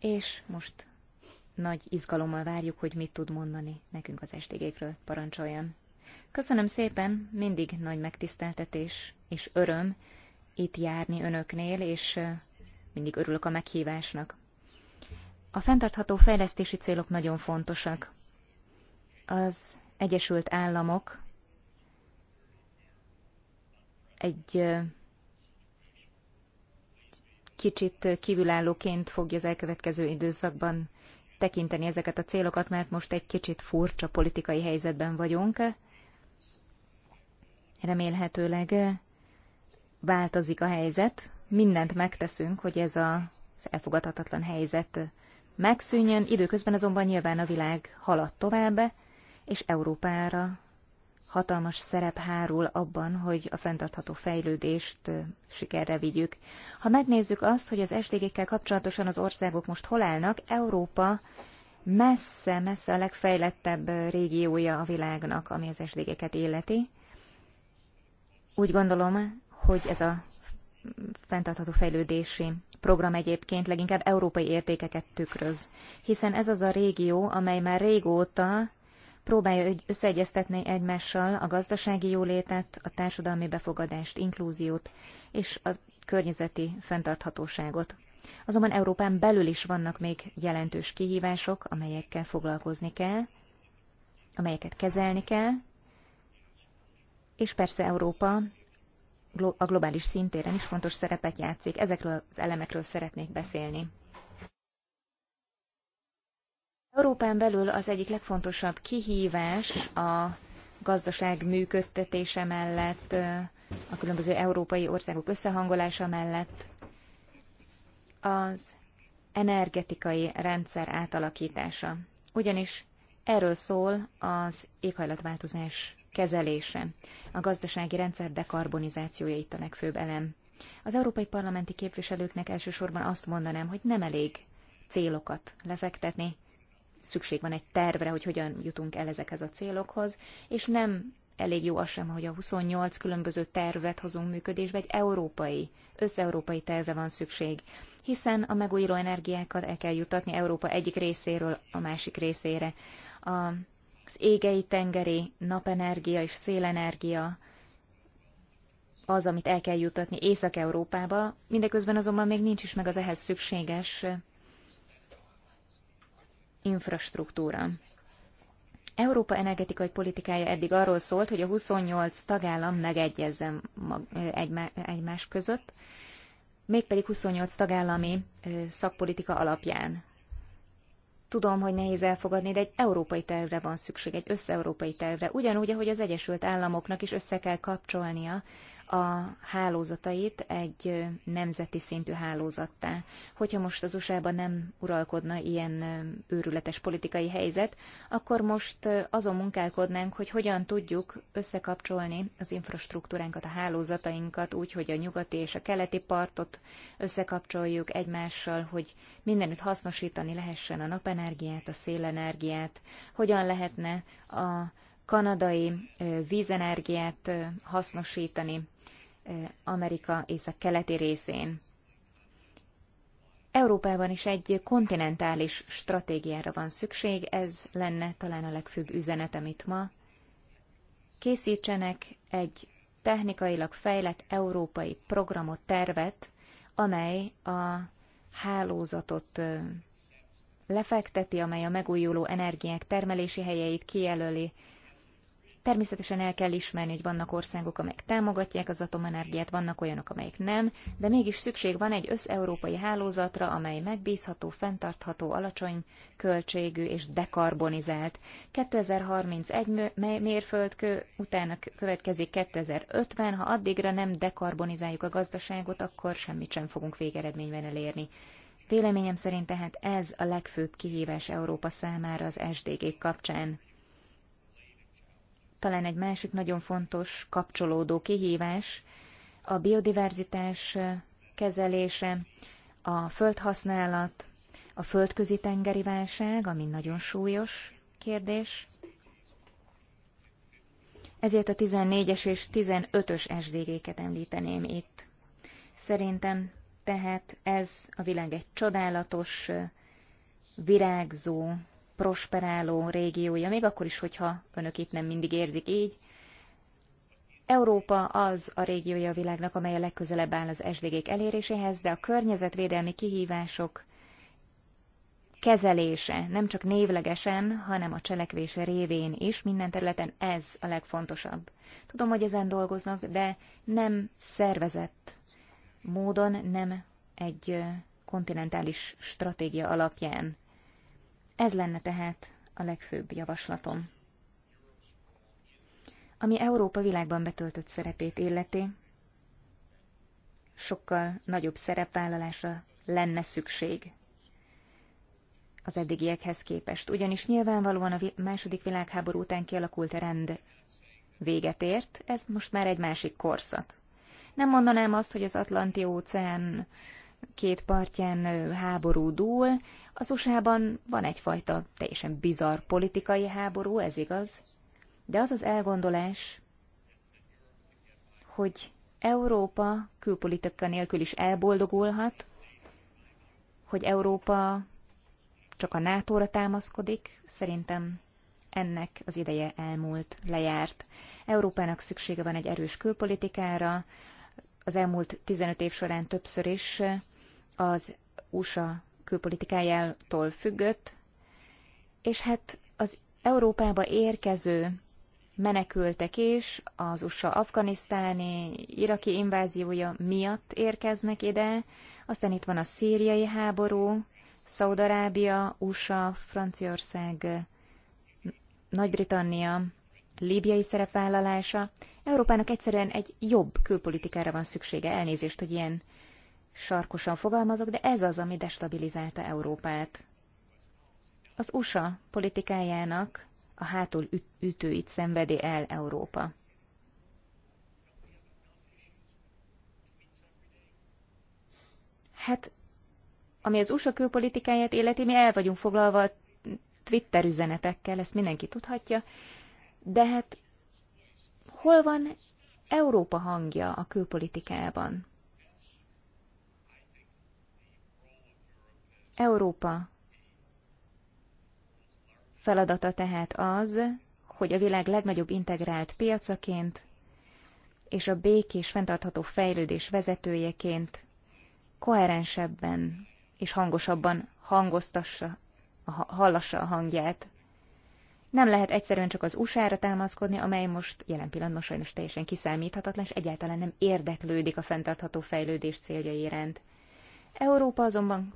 és most nagy izgalommal várjuk, hogy mit tud mondani nekünk az stg Parancsoljon! Köszönöm szépen, mindig nagy megtiszteltetés és öröm itt járni önöknél, és mindig örülök a meghívásnak. A fenntartható fejlesztési célok nagyon fontosak. Az Egyesült Államok egy kicsit kívülállóként fogja az elkövetkező időszakban tekinteni ezeket a célokat, mert most egy kicsit furcsa politikai helyzetben vagyunk. Remélhetőleg változik a helyzet. Mindent megteszünk, hogy ez az elfogadhatatlan helyzet megszűnjön, időközben azonban nyilván a világ halad tovább, és Európára hatalmas szerep hárul abban, hogy a fenntartható fejlődést sikerre vigyük. Ha megnézzük azt, hogy az SDG-kkel kapcsolatosan az országok most hol állnak, Európa messze-messze a legfejlettebb régiója a világnak, ami az SDG-ket illeti. Úgy gondolom, hogy ez a fenntartható fejlődési program egyébként leginkább európai értékeket tükröz, hiszen ez az a régió, amely már régóta próbálja összeegyeztetni egymással a gazdasági jólétet, a társadalmi befogadást, inklúziót és a környezeti fenntarthatóságot. Azonban Európán belül is vannak még jelentős kihívások, amelyekkel foglalkozni kell, amelyeket kezelni kell, és persze Európa a globális szintéren is fontos szerepet játszik. Ezekről az elemekről szeretnék beszélni. Európán belül az egyik legfontosabb kihívás a gazdaság működtetése mellett, a különböző európai országok összehangolása mellett az energetikai rendszer átalakítása. Ugyanis erről szól az éghajlatváltozás kezelése. A gazdasági rendszer dekarbonizációja itt a legfőbb elem. Az európai parlamenti képviselőknek elsősorban azt mondanám, hogy nem elég célokat lefektetni, szükség van egy tervre, hogy hogyan jutunk el ezekhez a célokhoz, és nem elég jó az sem, hogy a 28 különböző tervet hozunk működésbe, egy európai, összeurópai tervre van szükség, hiszen a megújuló energiákat el kell jutatni Európa egyik részéről a másik részére. Az égei tengeri napenergia és szélenergia az, amit el kell jutatni Észak-Európába, mindeközben azonban még nincs is meg az ehhez szükséges infrastruktúra. Európa energetikai politikája eddig arról szólt, hogy a 28 tagállam megegyezzen mag, egyma, egymás között, mégpedig 28 tagállami szakpolitika alapján. Tudom, hogy nehéz elfogadni, de egy európai tervre van szükség, egy összeurópai tervre, ugyanúgy, ahogy az Egyesült Államoknak is össze kell kapcsolnia a hálózatait egy nemzeti szintű hálózattá. Hogyha most az USA-ban nem uralkodna ilyen őrületes politikai helyzet, akkor most azon munkálkodnánk, hogy hogyan tudjuk összekapcsolni az infrastruktúránkat, a hálózatainkat úgy, hogy a nyugati és a keleti partot összekapcsoljuk egymással, hogy mindenütt hasznosítani lehessen a napenergiát, a szélenergiát, hogyan lehetne a kanadai vízenergiát hasznosítani, Amerika észak-keleti részén. Európában is egy kontinentális stratégiára van szükség, ez lenne talán a legfőbb üzenet, amit ma készítsenek egy technikailag fejlett európai programot, tervet, amely a hálózatot lefekteti, amely a megújuló energiák termelési helyeit kijelöli, Természetesen el kell ismerni, hogy vannak országok, amelyek támogatják az atomenergiát, vannak olyanok, amelyek nem, de mégis szükség van egy összeurópai hálózatra, amely megbízható, fenntartható, alacsony költségű és dekarbonizált. 2031 mérföldkő, utána következik 2050, ha addigra nem dekarbonizáljuk a gazdaságot, akkor semmit sem fogunk végeredményben elérni. Véleményem szerint tehát ez a legfőbb kihívás Európa számára az SDG kapcsán. Talán egy másik nagyon fontos kapcsolódó kihívás a biodiverzitás kezelése, a földhasználat, a földközi tengeri válság, ami nagyon súlyos kérdés. Ezért a 14-es és 15-ös SDG-ket említeném itt. Szerintem tehát ez a világ egy csodálatos, virágzó prosperáló régiója, még akkor is, hogyha önök itt nem mindig érzik így. Európa az a régiója a világnak, amely a legközelebb áll az sdg eléréséhez, de a környezetvédelmi kihívások kezelése nem csak névlegesen, hanem a cselekvése révén is minden területen ez a legfontosabb. Tudom, hogy ezen dolgoznak, de nem szervezett módon, nem egy kontinentális stratégia alapján. Ez lenne tehát a legfőbb javaslatom. Ami Európa világban betöltött szerepét illeti, sokkal nagyobb szerepvállalásra lenne szükség az eddigiekhez képest. Ugyanis nyilvánvalóan a második világháború után kialakult rend véget ért, ez most már egy másik korszak. Nem mondanám azt, hogy az Atlanti óceán két partján háború dúl. Az USA-ban van egyfajta teljesen bizarr politikai háború, ez igaz, de az az elgondolás, hogy Európa külpolitika nélkül is elboldogulhat, hogy Európa csak a NATO-ra támaszkodik, szerintem ennek az ideje elmúlt, lejárt. Európának szüksége van egy erős külpolitikára, az elmúlt 15 év során többször is az USA külpolitikájától függött, és hát az Európába érkező menekültek is az USA afganisztáni, iraki inváziója miatt érkeznek ide, aztán itt van a szíriai háború, Szaudarábia, USA, Franciaország, Nagy-Britannia, líbiai szerepvállalása. Európának egyszerűen egy jobb külpolitikára van szüksége, elnézést, hogy ilyen sarkosan fogalmazok, de ez az, ami destabilizálta Európát. Az USA politikájának a hátul üt- ütőit szenvedi el Európa. Hát, ami az USA külpolitikáját életi, mi el vagyunk foglalva a Twitter üzenetekkel, ezt mindenki tudhatja, de hát hol van Európa hangja a külpolitikában? Európa feladata tehát az, hogy a világ legnagyobb integrált piacaként és a békés fenntartható fejlődés vezetőjeként koherensebben és hangosabban hangoztassa, hallassa a hangját. Nem lehet egyszerűen csak az USA-ra támaszkodni, amely most jelen pillanatban sajnos teljesen kiszámíthatatlan, és egyáltalán nem érdeklődik a fenntartható fejlődés céljai iránt. Európa azonban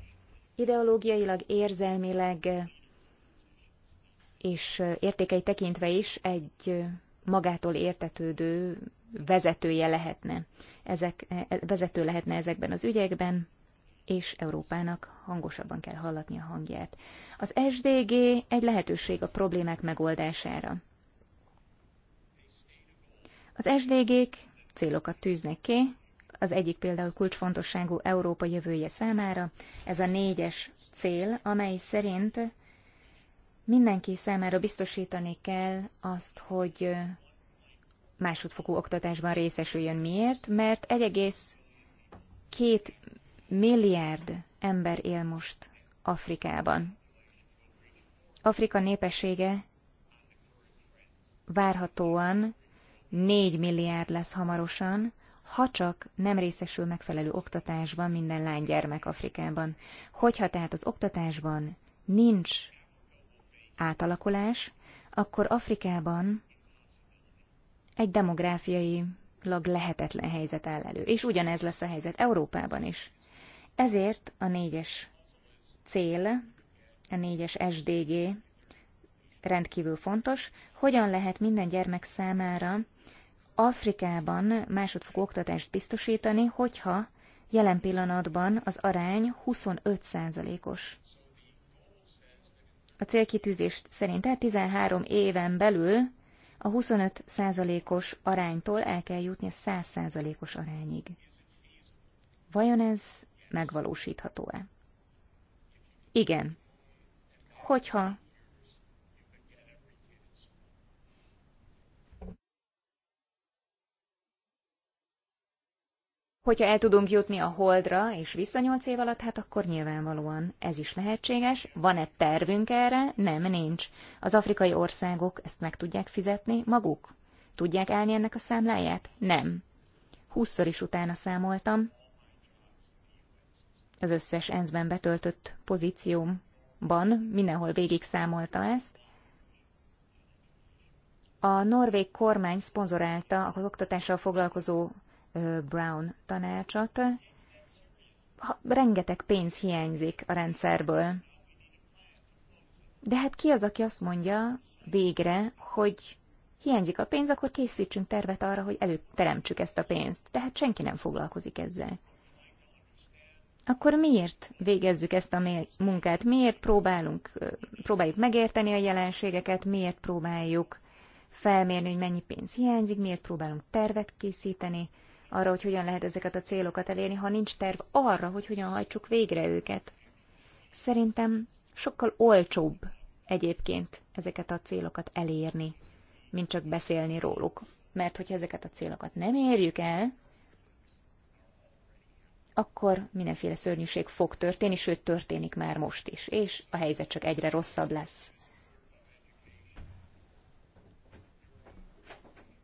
ideológiailag, érzelmileg és értékei tekintve is egy magától értetődő vezetője lehetne. Ezek, vezető lehetne ezekben az ügyekben, és Európának hangosabban kell hallatni a hangját. Az SDG egy lehetőség a problémák megoldására. Az SDG-k célokat tűznek ki, az egyik például kulcsfontosságú Európa jövője számára, ez a négyes cél, amely szerint mindenki számára biztosítani kell azt, hogy másodfokú oktatásban részesüljön. Miért? Mert 1,2 milliárd ember él most Afrikában. Afrika népessége várhatóan 4 milliárd lesz hamarosan, ha csak nem részesül megfelelő oktatásban minden lánygyermek Afrikában. Hogyha tehát az oktatásban nincs átalakulás, akkor Afrikában egy demográfiai lag lehetetlen helyzet áll elő. És ugyanez lesz a helyzet Európában is. Ezért a négyes cél, a négyes SDG rendkívül fontos, hogyan lehet minden gyermek számára Afrikában másodfokú oktatást biztosítani, hogyha jelen pillanatban az arány 25%-os. A célkitűzés szerint tehát 13 éven belül a 25%-os aránytól el kell jutni a 100%-os arányig. Vajon ez megvalósítható-e? Igen. Hogyha Hogyha el tudunk jutni a holdra, és vissza nyolc év alatt, hát akkor nyilvánvalóan ez is lehetséges. Van-e tervünk erre? Nem, nincs. Az afrikai országok ezt meg tudják fizetni maguk? Tudják állni ennek a számláját? Nem. Húszszor is utána számoltam. Az összes ENSZ-ben betöltött pozíciómban mindenhol végig számoltam ezt. A norvég kormány szponzorálta az oktatással foglalkozó Brown tanácsot. Ha, rengeteg pénz hiányzik a rendszerből. De hát ki az, aki azt mondja végre, hogy hiányzik a pénz, akkor készítsünk tervet arra, hogy előteremtsük ezt a pénzt. Tehát senki nem foglalkozik ezzel. Akkor miért végezzük ezt a munkát? Miért próbálunk, próbáljuk megérteni a jelenségeket? Miért próbáljuk felmérni, hogy mennyi pénz hiányzik? Miért próbálunk tervet készíteni? arra, hogy hogyan lehet ezeket a célokat elérni, ha nincs terv arra, hogy hogyan hajtsuk végre őket. Szerintem sokkal olcsóbb egyébként ezeket a célokat elérni, mint csak beszélni róluk. Mert hogyha ezeket a célokat nem érjük el, akkor mindenféle szörnyűség fog történni, sőt történik már most is, és a helyzet csak egyre rosszabb lesz.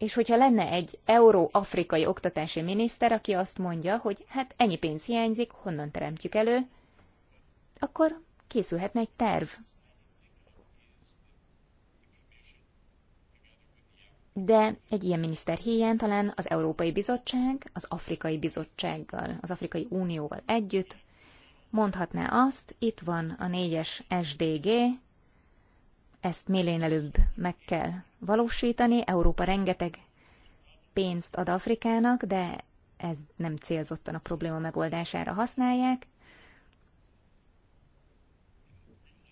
És hogyha lenne egy euró-afrikai oktatási miniszter, aki azt mondja, hogy hát ennyi pénz hiányzik, honnan teremtjük elő, akkor készülhetne egy terv. De egy ilyen miniszter híján talán az Európai Bizottság, az Afrikai Bizottsággal, az Afrikai Unióval együtt mondhatná azt, itt van a négyes SDG, ezt előbb meg kell valósítani. Európa rengeteg pénzt ad Afrikának, de ez nem célzottan a probléma megoldására használják.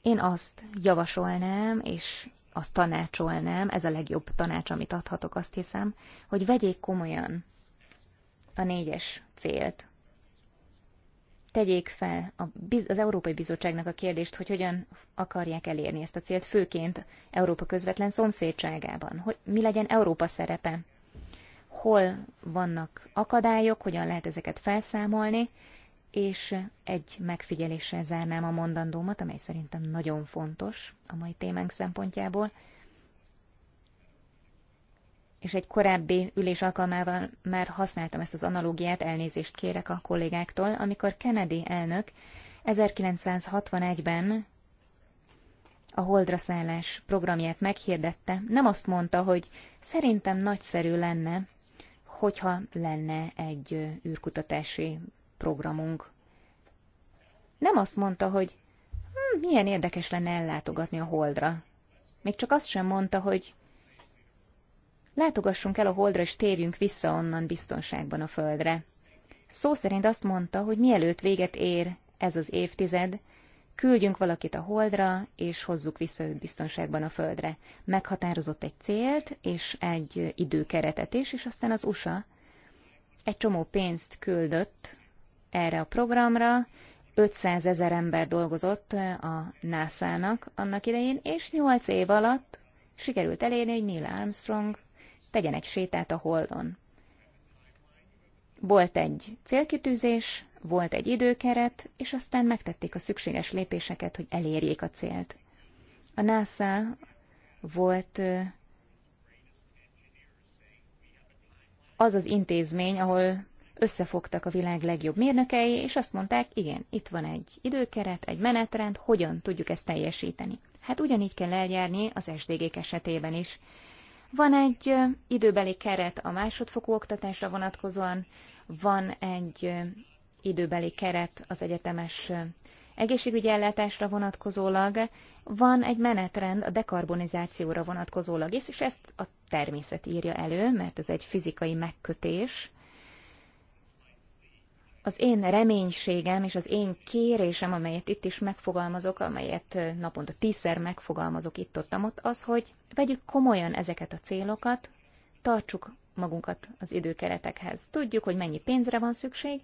Én azt javasolnám, és azt tanácsolnám, ez a legjobb tanács, amit adhatok, azt hiszem, hogy vegyék komolyan a négyes célt tegyék fel a, az Európai Bizottságnak a kérdést, hogy hogyan akarják elérni ezt a célt, főként Európa közvetlen szomszédságában, hogy mi legyen Európa szerepe, hol vannak akadályok, hogyan lehet ezeket felszámolni, és egy megfigyeléssel zárnám a mondandómat, amely szerintem nagyon fontos a mai témánk szempontjából – és egy korábbi ülés alkalmával már használtam ezt az analógiát, elnézést kérek a kollégáktól, amikor Kennedy elnök 1961-ben a holdra szállás programját meghirdette, nem azt mondta, hogy szerintem nagyszerű lenne, hogyha lenne egy űrkutatási programunk. Nem azt mondta, hogy hm, milyen érdekes lenne ellátogatni a holdra. Még csak azt sem mondta, hogy Látogassunk el a holdra, és térjünk vissza onnan biztonságban a földre. Szó szerint azt mondta, hogy mielőtt véget ér ez az évtized, küldjünk valakit a holdra, és hozzuk vissza őt biztonságban a földre. Meghatározott egy célt, és egy időkeretet is, és aztán az USA egy csomó pénzt küldött erre a programra, 500 ezer ember dolgozott a NASA-nak annak idején, és 8 év alatt sikerült elérni, hogy Neil Armstrong tegyen egy sétát a holdon. Volt egy célkitűzés, volt egy időkeret, és aztán megtették a szükséges lépéseket, hogy elérjék a célt. A NASA volt az az intézmény, ahol összefogtak a világ legjobb mérnökei, és azt mondták, igen, itt van egy időkeret, egy menetrend, hogyan tudjuk ezt teljesíteni. Hát ugyanígy kell eljárni az SDG-k esetében is. Van egy időbeli keret a másodfokú oktatásra vonatkozóan, van egy időbeli keret az egyetemes egészségügyi ellátásra vonatkozólag, van egy menetrend a dekarbonizációra vonatkozólag is, és ezt a természet írja elő, mert ez egy fizikai megkötés, az én reménységem és az én kérésem, amelyet itt is megfogalmazok, amelyet naponta tízszer megfogalmazok itt-ott, az, hogy vegyük komolyan ezeket a célokat, tartsuk magunkat az időkeretekhez. Tudjuk, hogy mennyi pénzre van szükség,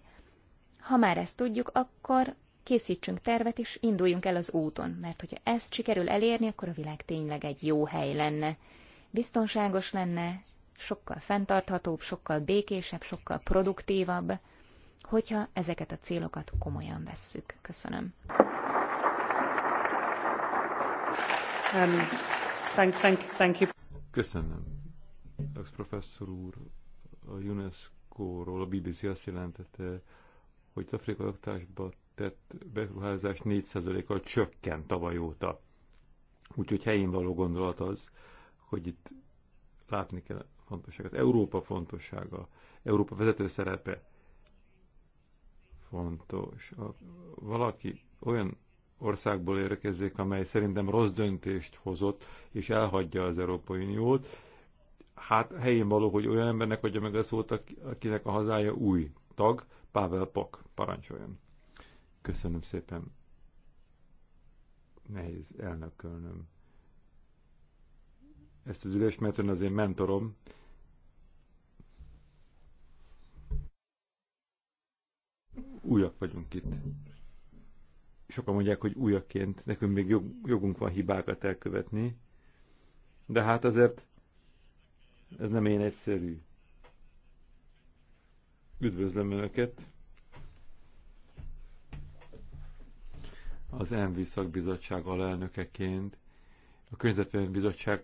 ha már ezt tudjuk, akkor készítsünk tervet, és induljunk el az úton, mert hogyha ezt sikerül elérni, akkor a világ tényleg egy jó hely lenne. Biztonságos lenne, sokkal fenntarthatóbb, sokkal békésebb, sokkal produktívabb, hogyha ezeket a célokat komolyan vesszük. Köszönöm. Um, thank, thank, thank you. Köszönöm. Ex professzor úr, a UNESCO-ról a BBC azt jelentette, hogy az afrikai oktatásba tett beruházás 4%-kal csökkent tavaly óta. Úgyhogy helyén való gondolat az, hogy itt látni kell fontosságot. Európa fontossága, Európa vezető szerepe fontos. A, valaki olyan országból érkezik, amely szerintem rossz döntést hozott, és elhagyja az Európai Uniót, hát helyén való, hogy olyan embernek adja meg a szót, akinek a hazája új tag, Pavel Pak, parancsoljon. Köszönöm szépen. Nehéz elnökölnöm ezt az ülést, mert ön az én mentorom, újak vagyunk itt. Sokan mondják, hogy újaként nekünk még jog, jogunk van hibákat elkövetni, de hát azért ez nem én egyszerű. Üdvözlöm Önöket! Az ENVI szakbizottság alelnökeként a Környezetvédelmi Bizottság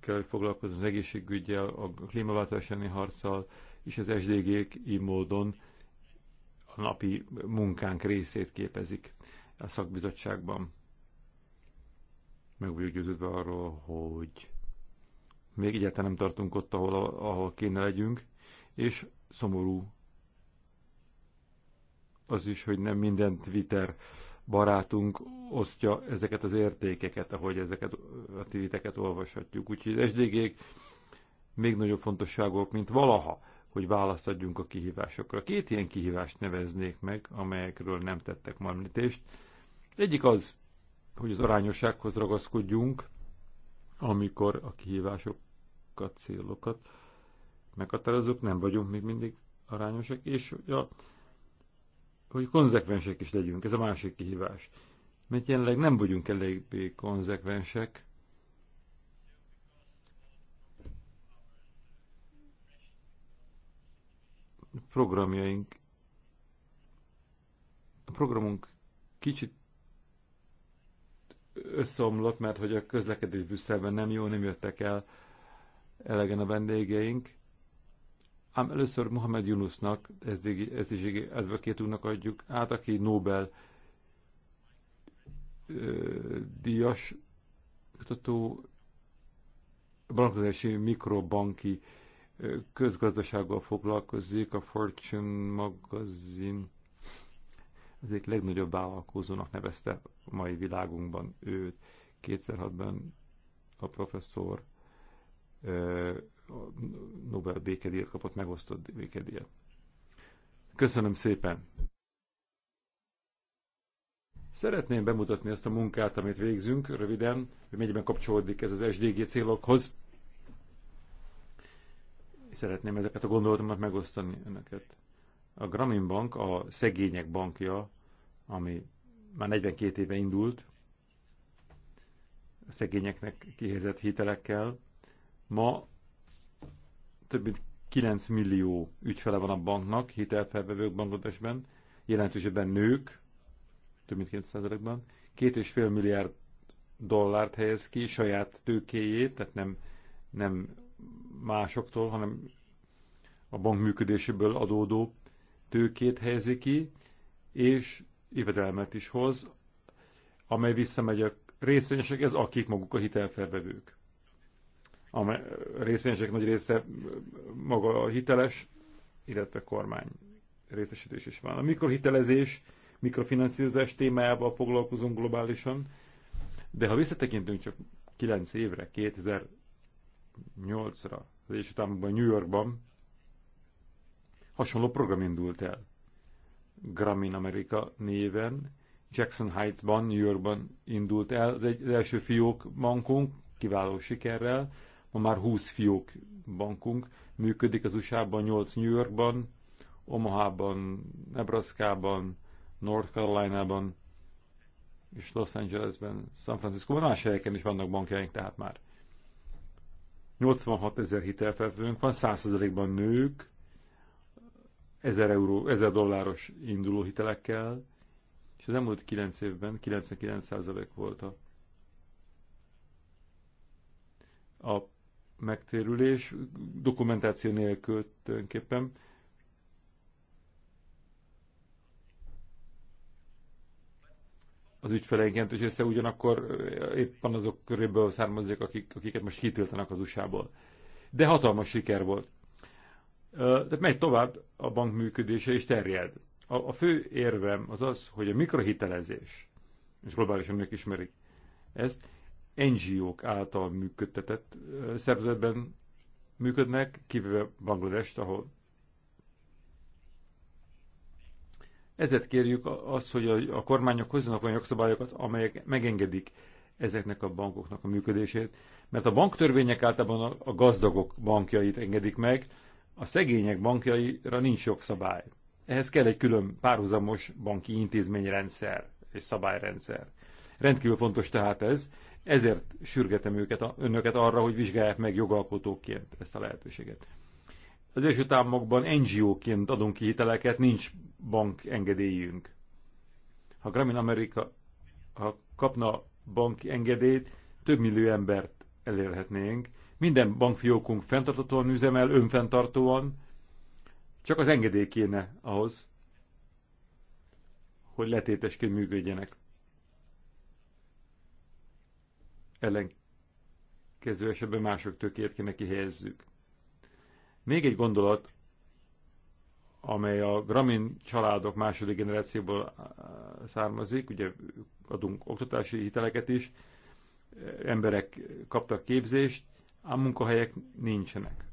kell, foglalkozni, az egészségügyel, a klímaváltozás elleni harccal, és az SDG-k így módon a napi munkánk részét képezik a szakbizottságban. Meg vagyok győződve arról, hogy még egyáltalán nem tartunk ott, ahol, ahol kéne legyünk, és szomorú az is, hogy nem minden Twitter barátunk osztja ezeket az értékeket, ahogy ezeket a tweeteket olvashatjuk. Úgyhogy az sdg még nagyobb fontosságok, mint valaha hogy választ adjunk a kihívásokra. Két ilyen kihívást neveznék meg, amelyekről nem tettek ma Egyik az, hogy az arányossághoz ragaszkodjunk, amikor a kihívásokat, célokat meghatározunk, nem vagyunk még mindig arányosak, és hogy, a, hogy konzekvensek is legyünk, ez a másik kihívás. Mert jelenleg nem vagyunk eléggé konzekvensek, programjaink a programunk kicsit összeomlott, mert hogy a közlekedés Brüsszelben nem jó, nem jöttek el elegen a vendégeink. Ám először Mohamed Yunusnak, ez Advocate úrnak adjuk át, aki Nobel díjas kutató, bankozási mikrobanki közgazdasággal foglalkozik, a Fortune magazin az egyik legnagyobb vállalkozónak nevezte a mai világunkban őt. 2006-ban a professzor Nobel békedíjat kapott, megosztott békedíjat. Köszönöm szépen! Szeretném bemutatni ezt a munkát, amit végzünk röviden, hogy mennyiben kapcsolódik ez az SDG célokhoz szeretném ezeket a gondolatomat megosztani önöket. A Gramin Bank a szegények bankja, ami már 42 éve indult, a szegényeknek kihelyezett hitelekkel. Ma több mint 9 millió ügyfele van a banknak, hitelfelvevők Bangladesben, jelentősebben nők, több mint 9%-ban, fél milliárd dollárt helyez ki saját tőkéjét, tehát nem, nem másoktól, hanem a bank működéséből adódó tőkét helyezi ki, és jövedelmet is hoz, amely visszamegy a részvényesek, ez akik maguk a hitelfelvevők. A részvényesek nagy része maga a hiteles, illetve kormány részesítés is van. A mikrohitelezés, mikrofinanszírozás témájával foglalkozunk globálisan, de ha visszatekintünk csak 9 évre, 2000 2008-ra, az Egyesült Államokban, New Yorkban hasonló program indult el. Grammy Amerika néven, Jackson Heights-ban, New Yorkban indult el az, egy, az első fiók bankunk, kiváló sikerrel. Ma már 20 fiók bankunk működik az USA-ban, 8 New Yorkban, Omaha-ban, Nebraska-ban, North Carolina-ban, és Los Angelesben, San Francisco-ban, más helyeken is vannak bankjaink, tehát már. 86 ezer hitelfelfőnk van, 100%-ban nők, 1000, euró, 1000 dolláros induló hitelekkel, és az elmúlt 9 évben 99% volt a, a megtérülés, dokumentáció nélkül tulajdonképpen az ügyfeleink jelentős össze ugyanakkor éppen azok köréből származik, akik, akiket most kitiltanak az USA-ból. De hatalmas siker volt. Tehát megy tovább a bank működése és terjed. A, a fő érvem az az, hogy a mikrohitelezés, és globálisan ők ismerik ezt, NGO-k által működtetett szervezetben működnek, kivéve Bangladesh, ahol Ezért kérjük azt, hogy a, kormányok hozzanak olyan jogszabályokat, amelyek megengedik ezeknek a bankoknak a működését. Mert a banktörvények általában a, a gazdagok bankjait engedik meg, a szegények bankjaira nincs jogszabály. Ehhez kell egy külön párhuzamos banki intézményrendszer és szabályrendszer. Rendkívül fontos tehát ez, ezért sürgetem őket, önöket arra, hogy vizsgálják meg jogalkotóként ezt a lehetőséget. Az Egyesült Államokban NGO-ként adunk ki hiteleket, nincs bank engedélyünk. Ha Grameen Amerika ha kapna banki engedélyt, több millió embert elérhetnénk. Minden bankfiókunk fenntartatóan üzemel, önfenntartóan, csak az engedély kéne ahhoz, hogy letétesként működjenek. Ellenkező esetben mások tökélet kéne kihelyezzük. Még egy gondolat, amely a Gramin családok második generációból eh, származik, ugye adunk oktatási hiteleket is, eh, emberek kaptak képzést, ám munkahelyek nincsenek.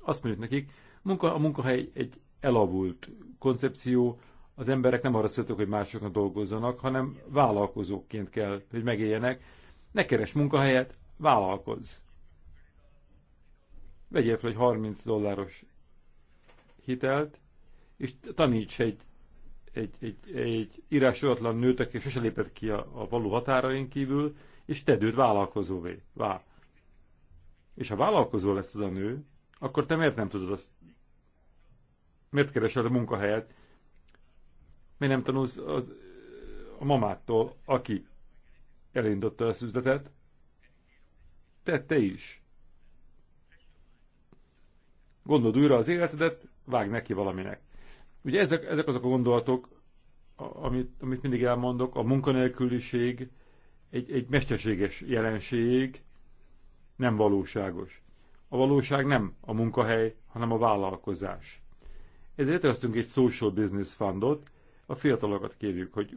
Azt mondjuk nekik, munka, a munkahely egy elavult koncepció, az emberek nem arra születtek, hogy másoknak dolgozzanak, hanem vállalkozóként kell, hogy megéljenek. Ne keres munkahelyet, vállalkozz vegyél fel egy 30 dolláros hitelt, és taníts egy, egy, egy, egy írásolatlan nőt, aki sose lépett ki a, a való határain kívül, és tedd őt vállalkozóvé. Vá. És ha vállalkozó lesz az a nő, akkor te miért nem tudod azt? Miért keresel a munkahelyet? Miért nem tanulsz az, a mamától, aki elindította az üzletet? Te, te is gondold újra az életedet, vág neki valaminek. Ugye ezek, ezek azok a gondolatok, amit, amit mindig elmondok, a munkanélküliség egy, egy mesterséges jelenség, nem valóságos. A valóság nem a munkahely, hanem a vállalkozás. Ezért létrehoztunk egy social business fundot, a fiatalokat kérjük, hogy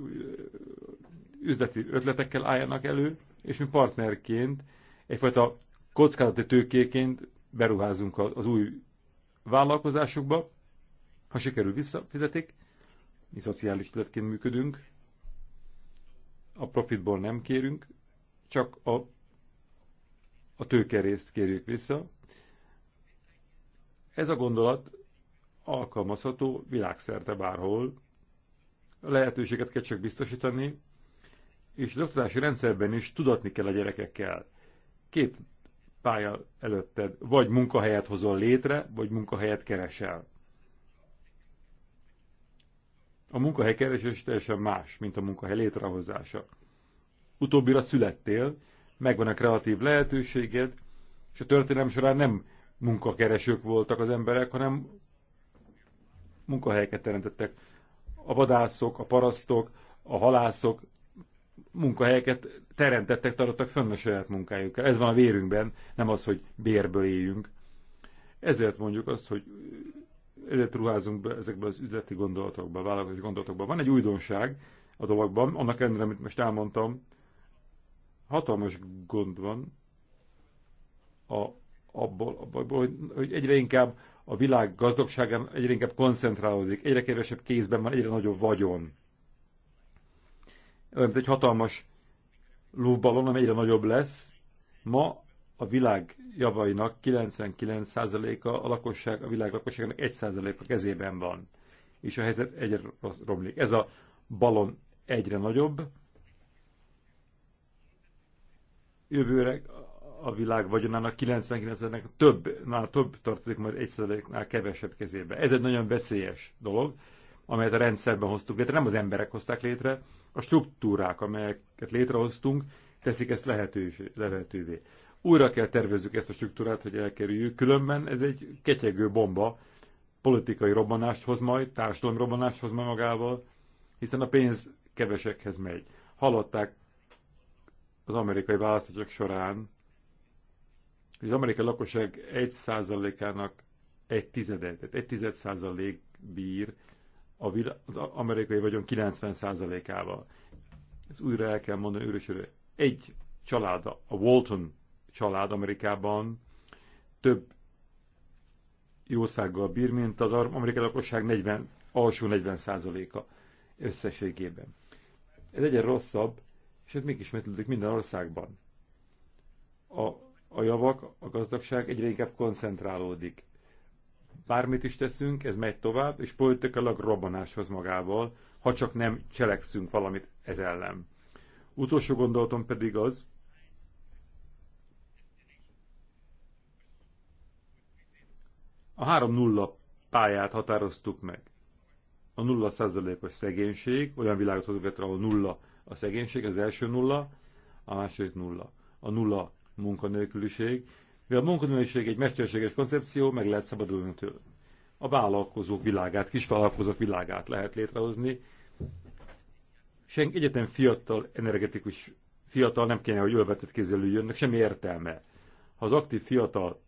üzleti ötletekkel álljanak elő, és mi partnerként, egyfajta kockázati tőkéként beruházunk az új vállalkozásukba, ha sikerül visszafizetik, mi szociális tületként működünk, a profitból nem kérünk, csak a, a tőkerészt kérjük vissza. Ez a gondolat alkalmazható világszerte bárhol. A lehetőséget kell csak biztosítani, és az oktatási rendszerben is tudatni kell a gyerekekkel. Két pálya előtted. Vagy munkahelyet hozol létre, vagy munkahelyet keresel. A munkahely keresés teljesen más, mint a munkahely létrehozása. Utóbbira születtél, megvan a kreatív lehetőséged, és a történelem során nem munkakeresők voltak az emberek, hanem munkahelyeket teremtettek. A vadászok, a parasztok, a halászok munkahelyeket teremtettek, tartottak fönn a saját munkájukkal. Ez van a vérünkben, nem az, hogy bérből éljünk. Ezért mondjuk azt, hogy ezért ruházunk be ezekbe az üzleti gondolatokba, vállalkozási gondolatokba. Van egy újdonság a dologban, annak ellenére, amit most elmondtam, hatalmas gond van a, abból, abból hogy, hogy egyre inkább a világ gazdagságán egyre inkább koncentrálódik, egyre kevesebb kézben van, egyre nagyobb vagyon olyan, mint egy hatalmas lúvballon, amely egyre nagyobb lesz. Ma a világ javainak 99%-a, a lakosság, a világ lakosságának 1%-a kezében van. És a helyzet egyre romlik. Ez a balon egyre nagyobb. Jövőre a világ vagyonának 99%-nak több, már több tartozik majd 1%-nál kevesebb kezébe. Ez egy nagyon veszélyes dolog, amelyet a rendszerben hoztuk létre, nem az emberek hozták létre, a struktúrák, amelyeket létrehoztunk, teszik ezt lehetővé. Újra kell tervezzük ezt a struktúrát, hogy elkerüljük, különben ez egy ketyegő bomba, politikai robbanást hoz majd, társadalmi robbanást hoz majd magával, hiszen a pénz kevesekhez megy. Hallották az amerikai választások során, hogy az amerikai lakosság egy ának egy tizedet, egy tized százalék bír a az amerikai vagyon 90%-ával. Ez újra el kell mondani őrösödő. Egy család, a Walton család Amerikában több jószággal bír, mint az amerikai lakosság 40, alsó 40%-a összességében. Ez egyre rosszabb, és ez mégis megtudjuk minden országban. A, a javak, a gazdagság egyre inkább koncentrálódik Bármit is teszünk, ez megy tovább, és politikailag robbanáshoz magával, ha csak nem cselekszünk valamit ez ellen. Utolsó gondolatom pedig az, a 3-0 pályát határoztuk meg. A 0 százalékos szegénység, olyan világot hozunk létre, ahol nulla a szegénység, az első nulla, a második nulla. A nulla munkanélküliség, mivel a munkanőség egy mesterséges koncepció, meg lehet szabadulni tőle. A vállalkozók világát, kisvállalkozók világát lehet létrehozni. Senki egyetem fiatal, energetikus fiatal nem kéne, hogy ölvetett kézzel üljönnek, semmi értelme. Ha az aktív fiatal,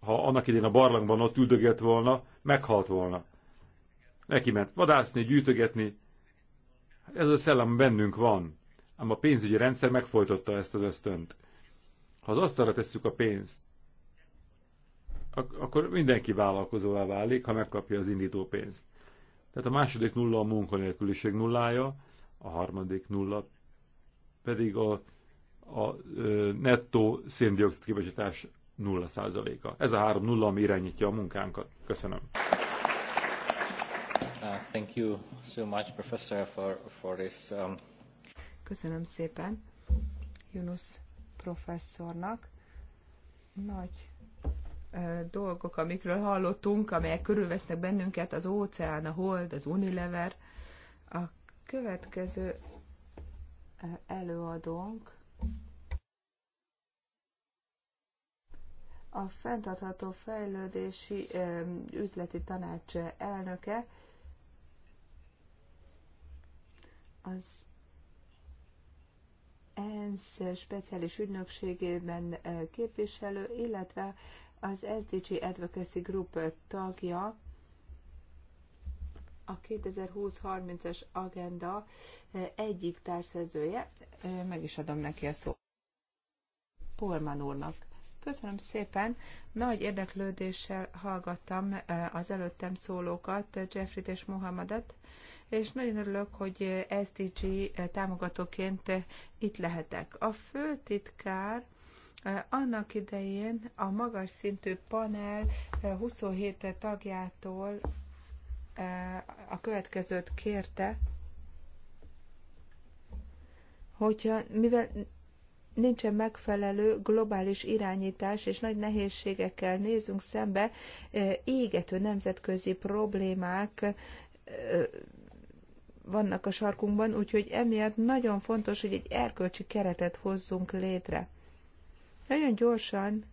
ha annak idén a barlangban ott üldögett volna, meghalt volna. Neki ment vadászni, gyűjtögetni. Ez a szellem bennünk van, ám a pénzügyi rendszer megfojtotta ezt az ösztönt. Ha az asztalra tesszük a pénzt, ak- akkor mindenki vállalkozóvá válik, ha megkapja az indító pénzt. Tehát a második nulla a munkanélküliség nullája, a harmadik nulla pedig a, a ö, nettó széndiokszid kibocsátás nulla százaléka. Ez a három nulla, ami irányítja a munkánkat. Köszönöm. Uh, thank you so much, professor, for, for this, um... Köszönöm szépen, Yunus professzornak. Nagy dolgok, amikről hallottunk, amelyek körülvesznek bennünket, az óceán, a hold, az Unilever. A következő előadónk a fenntartható fejlődési üzleti tanács elnöke, az ENSZ speciális ügynökségében eh, képviselő, illetve az SDG Advocacy Group tagja, a 2020 30 es agenda eh, egyik társzerzője. Eh, meg is adom neki a szót. Polman úrnak. Köszönöm szépen. Nagy érdeklődéssel hallgattam az előttem szólókat, Jeffrey-t és Mohamedet és nagyon örülök, hogy SDG támogatóként itt lehetek. A főtitkár annak idején a magas szintű panel 27 tagjától a következőt kérte, hogyha mivel nincsen megfelelő globális irányítás, és nagy nehézségekkel nézünk szembe, égető nemzetközi problémák vannak a sarkunkban, úgyhogy emiatt nagyon fontos, hogy egy erkölcsi keretet hozzunk létre. Nagyon gyorsan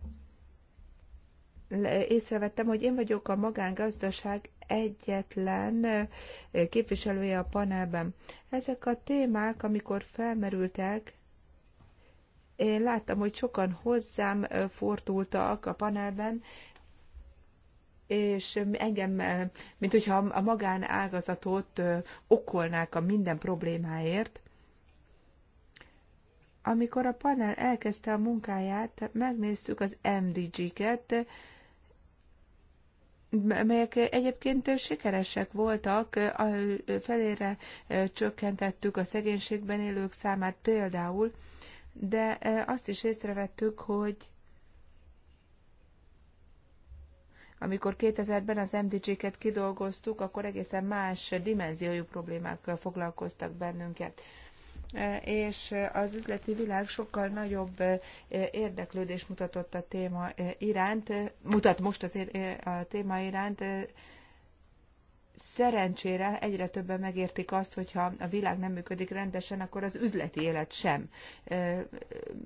észrevettem, hogy én vagyok a magángazdaság egyetlen képviselője a panelben. Ezek a témák, amikor felmerültek, én láttam, hogy sokan hozzám fordultak a panelben, és engem, mint hogyha a magánágazatot okolnák a minden problémáért. Amikor a panel elkezdte a munkáját, megnéztük az MDG-ket, melyek egyébként sikeresek voltak, a felére csökkentettük a szegénységben élők számát például, de azt is észrevettük, hogy Amikor 2000-ben az MDG-ket kidolgoztuk, akkor egészen más dimenziójú problémák foglalkoztak bennünket e, és az üzleti világ sokkal nagyobb e, érdeklődést mutatott a téma e, iránt, mutat most az a téma iránt, szerencsére egyre többen megértik azt, hogyha a világ nem működik rendesen, akkor az üzleti élet sem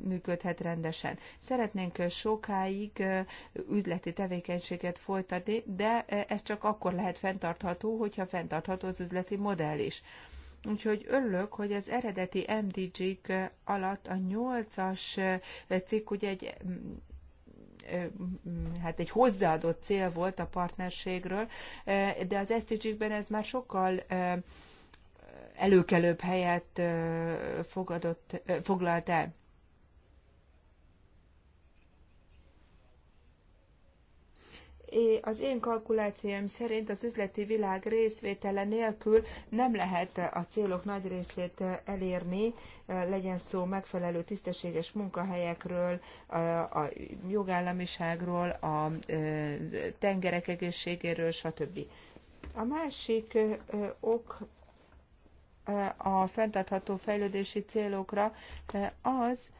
működhet rendesen. Szeretnénk sokáig üzleti tevékenységet folytatni, de ez csak akkor lehet fenntartható, hogyha fenntartható az üzleti modell is. Úgyhogy örülök, hogy az eredeti MDG-k alatt a nyolcas cikk ugye egy hát egy hozzáadott cél volt a partnerségről, de az SDG-kben ez már sokkal előkelőbb helyet fogadott, foglalt el. az én kalkulációim szerint az üzleti világ részvétele nélkül nem lehet a célok nagy részét elérni, legyen szó megfelelő tisztességes munkahelyekről, a jogállamiságról, a tengerek egészségéről, stb. A másik ok a fenntartható fejlődési célokra az,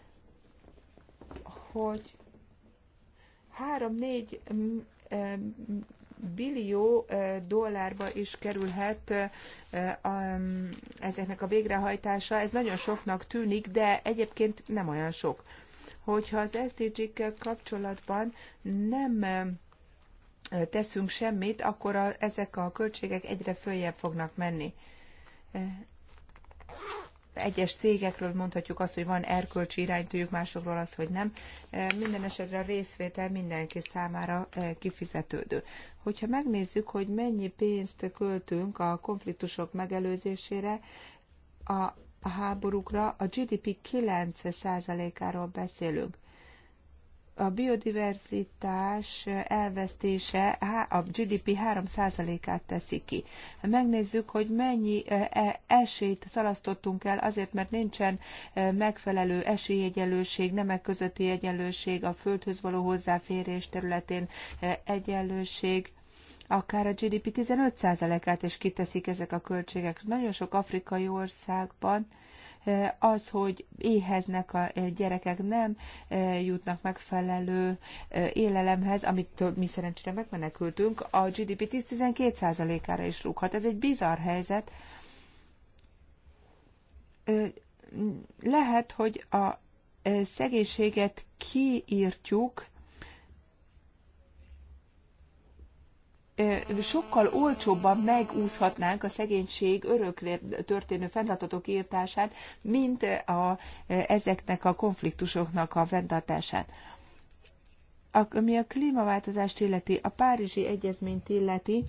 hogy 3-4 billió dollárba is kerülhet ezeknek a végrehajtása. Ez nagyon soknak tűnik, de egyébként nem olyan sok. Hogyha az SDG-kkel kapcsolatban nem teszünk semmit, akkor a, ezek a költségek egyre följebb fognak menni egyes cégekről mondhatjuk azt, hogy van erkölcsi iránytűjük, másokról az, hogy nem. E, minden esetre a részvétel mindenki számára e, kifizetődő. Hogyha megnézzük, hogy mennyi pénzt költünk a konfliktusok megelőzésére, a háborúkra a GDP 9%-áról beszélünk a biodiverzitás elvesztése a GDP 3%-át teszi ki. Megnézzük, hogy mennyi e, esélyt szalasztottunk el azért, mert nincsen megfelelő esélyegyenlőség, nemek közötti egyenlőség, a földhöz való hozzáférés területén egyenlőség akár a GDP 15%-át is kiteszik ezek a költségek. Nagyon sok afrikai országban az, hogy éheznek a gyerekek, nem jutnak megfelelő élelemhez, amit mi szerencsére megmenekültünk, a GDP 10-12%-ára is rúghat. Ez egy bizarr helyzet. Lehet, hogy a szegénységet kiírtjuk, sokkal olcsóbban megúszhatnánk a szegénység örökre történő fenntartató írtását, mint a, ezeknek a konfliktusoknak a fenntartását. Ami a klímaváltozást illeti, a Párizsi Egyezményt illeti,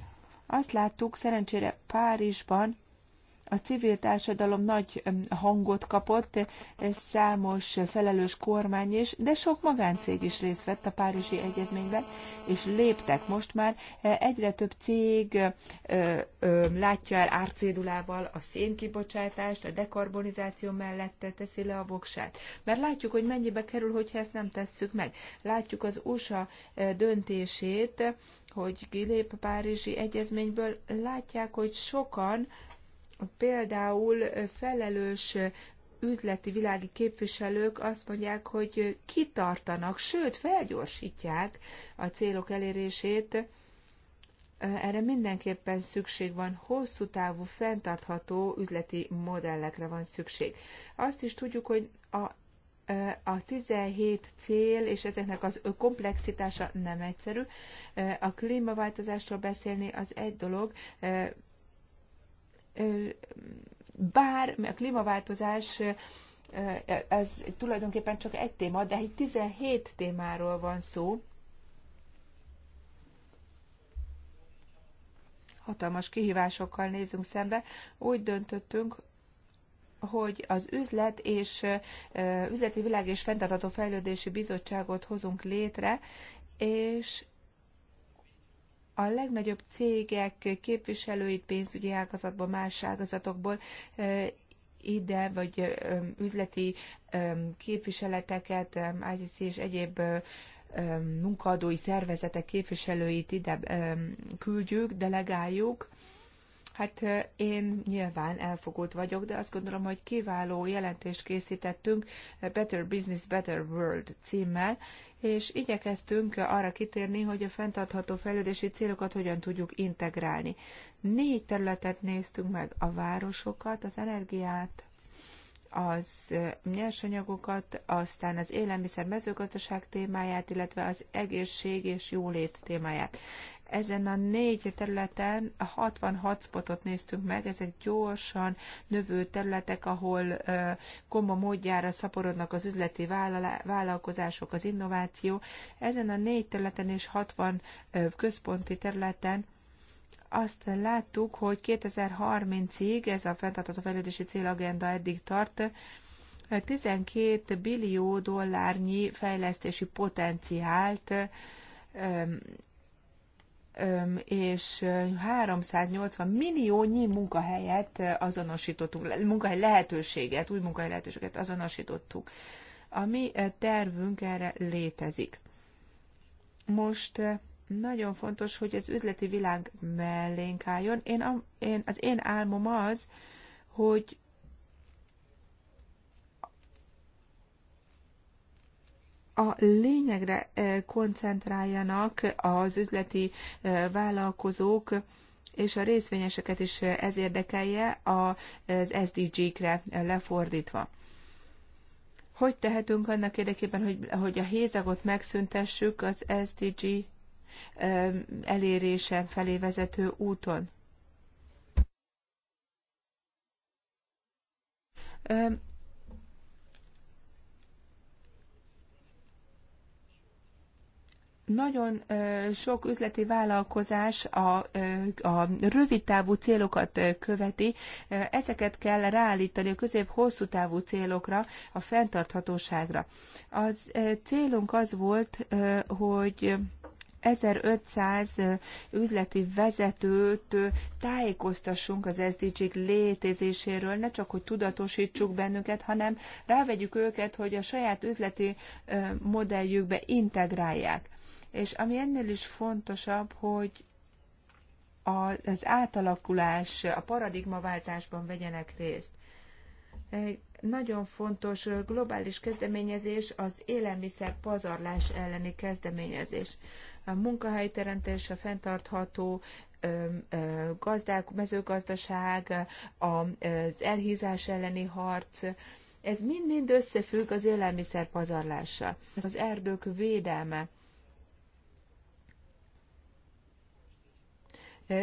azt láttuk szerencsére Párizsban, a civil társadalom nagy hangot kapott, eh, számos felelős kormány is, de sok magáncég is részt vett a Párizsi Egyezményben, és léptek most már. Eh, egyre több cég eh, látja el árcédulával a szénkibocsátást, a dekarbonizáció mellett teszi le a voksát. Mert látjuk, hogy mennyibe kerül, hogyha ezt nem tesszük meg. Látjuk az USA döntését, hogy kilép a Párizsi Egyezményből, látják, hogy sokan Például felelős üzleti világi képviselők azt mondják, hogy kitartanak, sőt, felgyorsítják a célok elérését. Erre mindenképpen szükség van, hosszú távú, fenntartható üzleti modellekre van szükség. Azt is tudjuk, hogy a a 17 cél és ezeknek az komplexitása nem egyszerű. A klímaváltozásról beszélni az egy dolog, bár a klímaváltozás ez tulajdonképpen csak egy téma, de egy 17 témáról van szó. Hatalmas kihívásokkal nézünk szembe. Úgy döntöttünk, hogy az üzlet és üzleti világ és fenntartható fejlődési bizottságot hozunk létre, és a legnagyobb cégek képviselőit pénzügyi ágazatból, más ágazatokból ide, vagy üzleti képviseleteket, ICC és egyéb munkadói szervezetek képviselőit ide küldjük, delegáljuk, Hát én nyilván elfogult vagyok, de azt gondolom, hogy kiváló jelentést készítettünk Better Business, Better World címmel, és igyekeztünk arra kitérni, hogy a fenntartható fejlődési célokat hogyan tudjuk integrálni. Négy területet néztünk meg, a városokat, az energiát, az nyersanyagokat, aztán az élelmiszer mezőgazdaság témáját, illetve az egészség és jólét témáját. Ezen a négy területen 66 spotot néztünk meg, ezek gyorsan növő területek, ahol komba módjára szaporodnak az üzleti vállalkozások, az innováció. Ezen a négy területen és 60 központi területen azt láttuk, hogy 2030-ig ez a fenntartható fejlődési célagenda eddig tart, 12 billió dollárnyi fejlesztési potenciált és 380 milliónyi munkahelyet azonosítottunk, munkahely lehetőséget, új munkahely lehetőséget azonosítottuk. A mi tervünk erre létezik. Most nagyon fontos, hogy az üzleti világ mellénk álljon. Én, a, én, az én álmom az, hogy a lényegre koncentráljanak az üzleti vállalkozók, és a részvényeseket is ez érdekelje az SDG-kre lefordítva. Hogy tehetünk annak érdekében, hogy, hogy a hézagot megszüntessük az SDG elérése felé vezető úton? Nagyon sok üzleti vállalkozás a, a rövid távú célokat követi. Ezeket kell ráállítani a közép-hosszú távú célokra, a fenntarthatóságra. Az célunk az volt, hogy 1500 üzleti vezetőt tájékoztassunk az SDG-k létezéséről, ne csak, hogy tudatosítsuk bennünket, hanem rávegyük őket, hogy a saját üzleti modelljükbe integrálják és ami ennél is fontosabb, hogy az átalakulás, a paradigmaváltásban vegyenek részt. Nagyon fontos globális kezdeményezés az élelmiszer pazarlás elleni kezdeményezés. A munkahelyteremtés, a fenntartható gazdák, mezőgazdaság, az elhízás elleni harc, ez mind-mind összefügg az élelmiszer pazarlással. Az erdők védelme,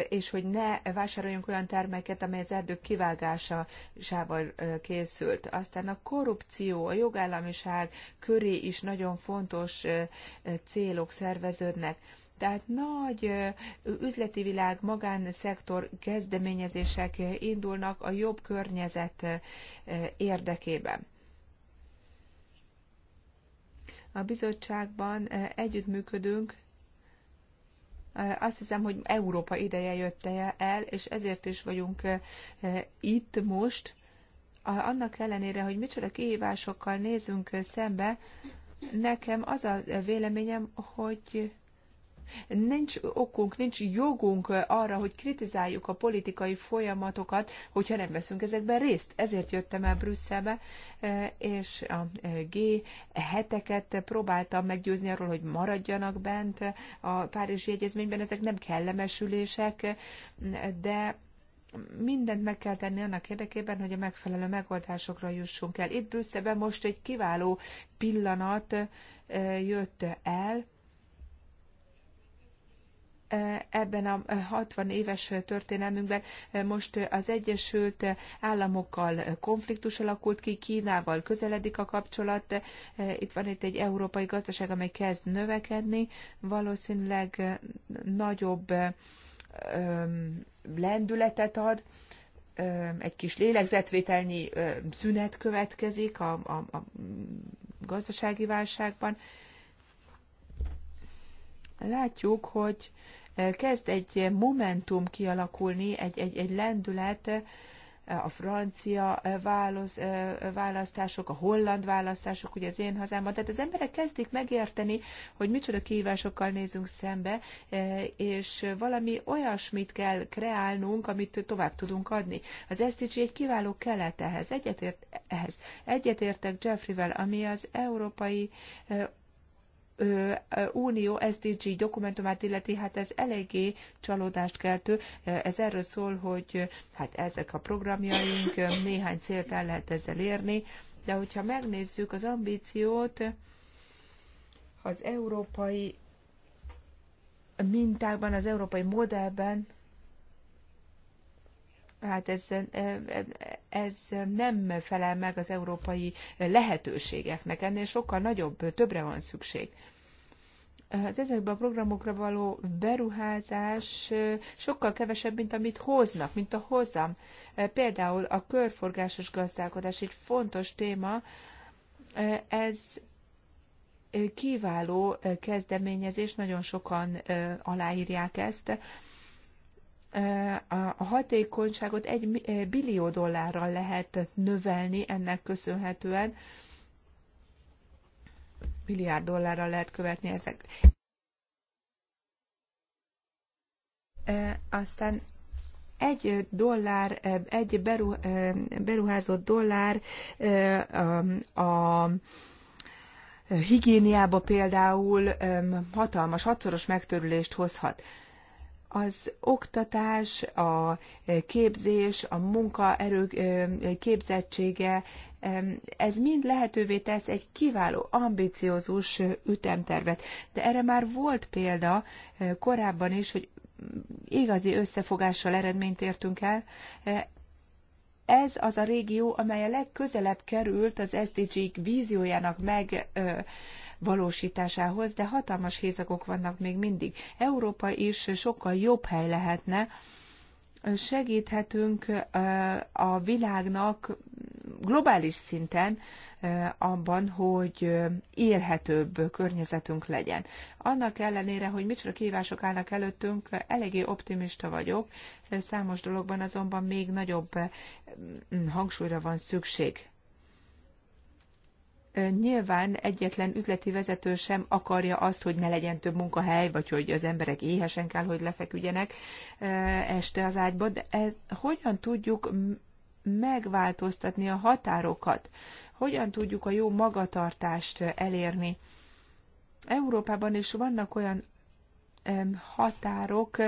és hogy ne vásároljunk olyan termeket, amely az erdők kivágásával készült. Aztán a korrupció, a jogállamiság köré is nagyon fontos célok szerveződnek. Tehát nagy üzleti világ, magánszektor kezdeményezések indulnak a jobb környezet érdekében. A bizottságban együttműködünk azt hiszem, hogy Európa ideje jött el, és ezért is vagyunk itt most, annak ellenére, hogy micsoda kihívásokkal nézünk szembe, nekem az a véleményem, hogy Nincs okunk, nincs jogunk eh, arra, hogy kritizáljuk a politikai folyamatokat, hogyha nem veszünk ezekben részt. Ezért jöttem el Brüsszelbe, eh, és a eh, g heteket próbáltam meggyőzni arról, hogy maradjanak bent a Párizsi Egyezményben. Ezek nem kellemesülések, de mindent meg kell tenni annak érdekében, hogy a megfelelő megoldásokra jussunk el. Itt Brüsszelben most egy kiváló pillanat jött el, Eh, ebben a 60 eh, éves eh, történelmünkben most az Egyesült Államokkal konfliktus alakult ki, Kínával közeledik a kapcsolat, itt van itt egy európai gazdaság, amely kezd növekedni, valószínűleg nagyobb lendületet ad, egy kis lélegzetvételnyi szünet következik a, a, a gazdasági válságban, látjuk, hogy eh, kezd egy momentum kialakulni, egy, egy, egy lendület, eh, a francia eh, válasz, választások, a holland választások, ugye az én hazámban. Tehát az emberek kezdik megérteni, hogy micsoda kihívásokkal nézünk szembe, és valami olyasmit kell kreálnunk, amit tovább tudunk adni. Az SDG egy kiváló kelet ehhez. Egyetért, ehhez. Egyetértek Jeffrey-vel, ami az európai Unió SDG dokumentumát illeti, hát ez eléggé csalódást keltő. Ez erről szól, hogy hát ezek a programjaink, néhány célt el lehet ezzel érni, de hogyha megnézzük az ambíciót, az európai mintákban, az európai modellben, hát ez, ez nem felel meg az európai lehetőségeknek, ennél sokkal nagyobb, többre van szükség az ezekben a programokra való beruházás sokkal kevesebb, mint amit hoznak, mint a hozam. Például a körforgásos gazdálkodás egy fontos téma, ez kiváló kezdeményezés, nagyon sokan aláírják ezt a hatékonyságot egy billió dollárral lehet növelni ennek köszönhetően. Milliárd dollárral lehet követni ezek. Aztán egy dollár, egy beruházott dollár a higiéniába például hatalmas, hatszoros megtörülést hozhat az oktatás, a képzés, a munkaerő képzettsége, ez mind lehetővé tesz egy kiváló, ambiciózus ütemtervet. De erre már volt példa korábban is, hogy igazi összefogással eredményt értünk el. Ez az a régió, amely a legközelebb került az SDG-k víziójának meg valósításához, de hatalmas hézagok vannak még mindig. Európa is sokkal jobb hely lehetne, segíthetünk a világnak globális szinten abban, hogy élhetőbb környezetünk legyen. Annak ellenére, hogy micsoda kívások állnak előttünk, eléggé optimista vagyok, számos dologban azonban még nagyobb hangsúlyra van szükség. Nyilván egyetlen üzleti vezető sem akarja azt, hogy ne legyen több munkahely, vagy hogy az emberek éhesen kell, hogy lefeküdjenek este az ágyba, de ez, hogyan tudjuk megváltoztatni a határokat? Hogyan tudjuk a jó magatartást elérni? Európában is vannak olyan határok,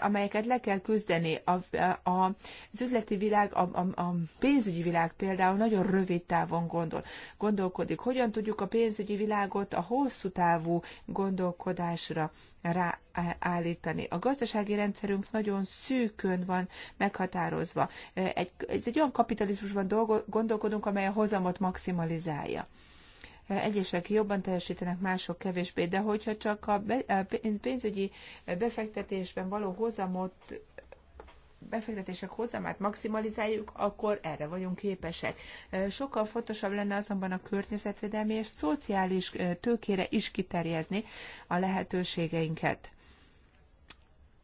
amelyeket le kell küzdeni. A, a, az üzleti világ, a, a, a pénzügyi világ például nagyon rövid távon gondol, gondolkodik. Hogyan tudjuk a pénzügyi világot a hosszú távú gondolkodásra ráállítani? A gazdasági rendszerünk nagyon szűkön van meghatározva. Egy, ez egy olyan kapitalizmusban dolgo, gondolkodunk, amely a hozamot maximalizálja. Egyesek jobban teljesítenek, mások kevésbé, de hogyha csak a pénzügyi befektetésben való hozamot befektetések hozamát maximalizáljuk, akkor erre vagyunk képesek. Sokkal fontosabb lenne azonban a környezetvédelmi és szociális tőkére is kiterjezni a lehetőségeinket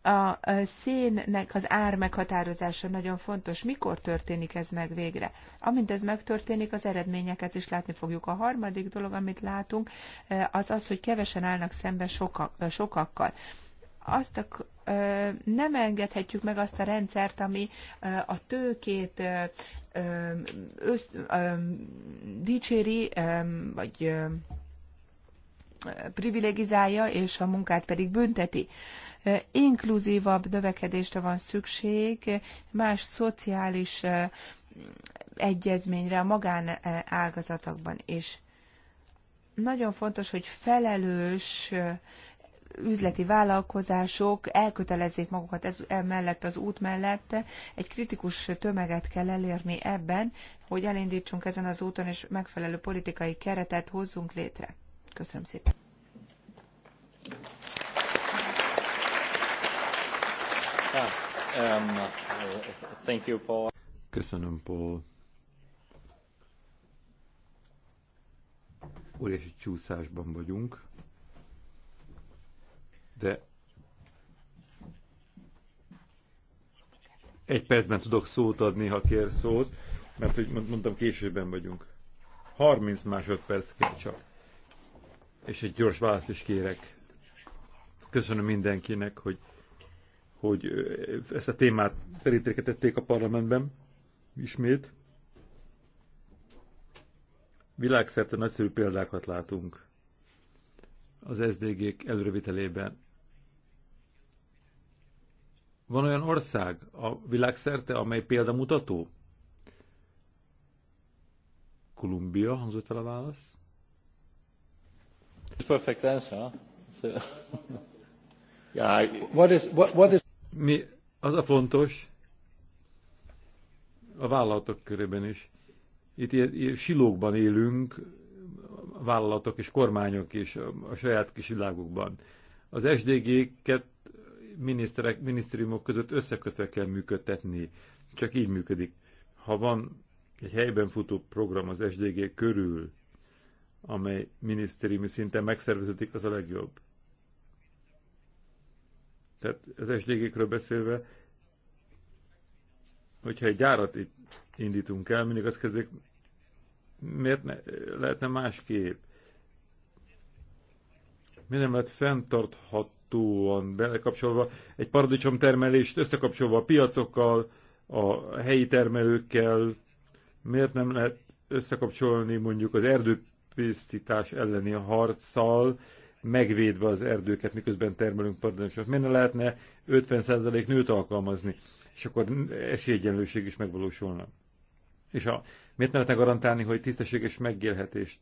a szénnek az ár meghatározása nagyon fontos. Mikor történik ez meg végre? Amint ez megtörténik, az eredményeket is látni fogjuk. A harmadik dolog, amit látunk, e, az az, hogy kevesen állnak szembe sokak, e, sokakkal. Azt a, e, nem engedhetjük meg azt a rendszert, ami a tőkét dicséri, vagy privilegizálja, és a munkát pedig bünteti. Ö, inkluzívabb növekedésre van szükség, más szociális egyezményre a magánágazatokban is. Nagyon fontos, hogy felelős üzleti vállalkozások elkötelezzék magukat ez e mellett, az út mellett. Egy kritikus tömeget kell elérni ebben, hogy elindítsunk ezen az úton, és megfelelő politikai keretet hozzunk létre. Köszönöm szépen. Paul. Köszönöm, Paul. Óriási csúszásban vagyunk, de egy percben tudok szót adni, ha kér szót, mert hogy mondtam, későben vagyunk. 30 másodperc kell csak. És egy gyors választ is kérek. Köszönöm mindenkinek, hogy hogy ezt a témát felítéketették a parlamentben ismét. Világszerte nagyszerű példákat látunk az SDG-k előrevitelében. Van olyan ország a világszerte, amely példamutató? Kolumbia, hangzott el a válasz. Perfect answer. So... yeah, I... what is, what, what is mi, az a fontos, a vállalatok körében is. Itt ilyen, ilyen silókban élünk, a vállalatok és kormányok is a, a saját kis világukban. Az SDG-ket miniszterek, minisztériumok között összekötve kell működtetni. Csak így működik. Ha van egy helyben futó program az SDG körül, amely minisztériumi szinten megszervezetik, az a legjobb. Tehát az SDG-kről beszélve, hogyha egy gyárat indítunk el, mindig azt kezdek? miért ne, lehetne másképp? Miért nem lehet fenntarthatóan belekapcsolva egy paradicsom termelést, összekapcsolva a piacokkal, a helyi termelőkkel, miért nem lehet összekapcsolni mondjuk az erdőpisztítás elleni harccal, megvédve az erdőket, miközben termelünk paradicsomot. Miért ne lehetne 50% nőt alkalmazni, és akkor esélyegyenlőség is megvalósulna? És a, miért ne lehetne garantálni, hogy tisztességes megélhetést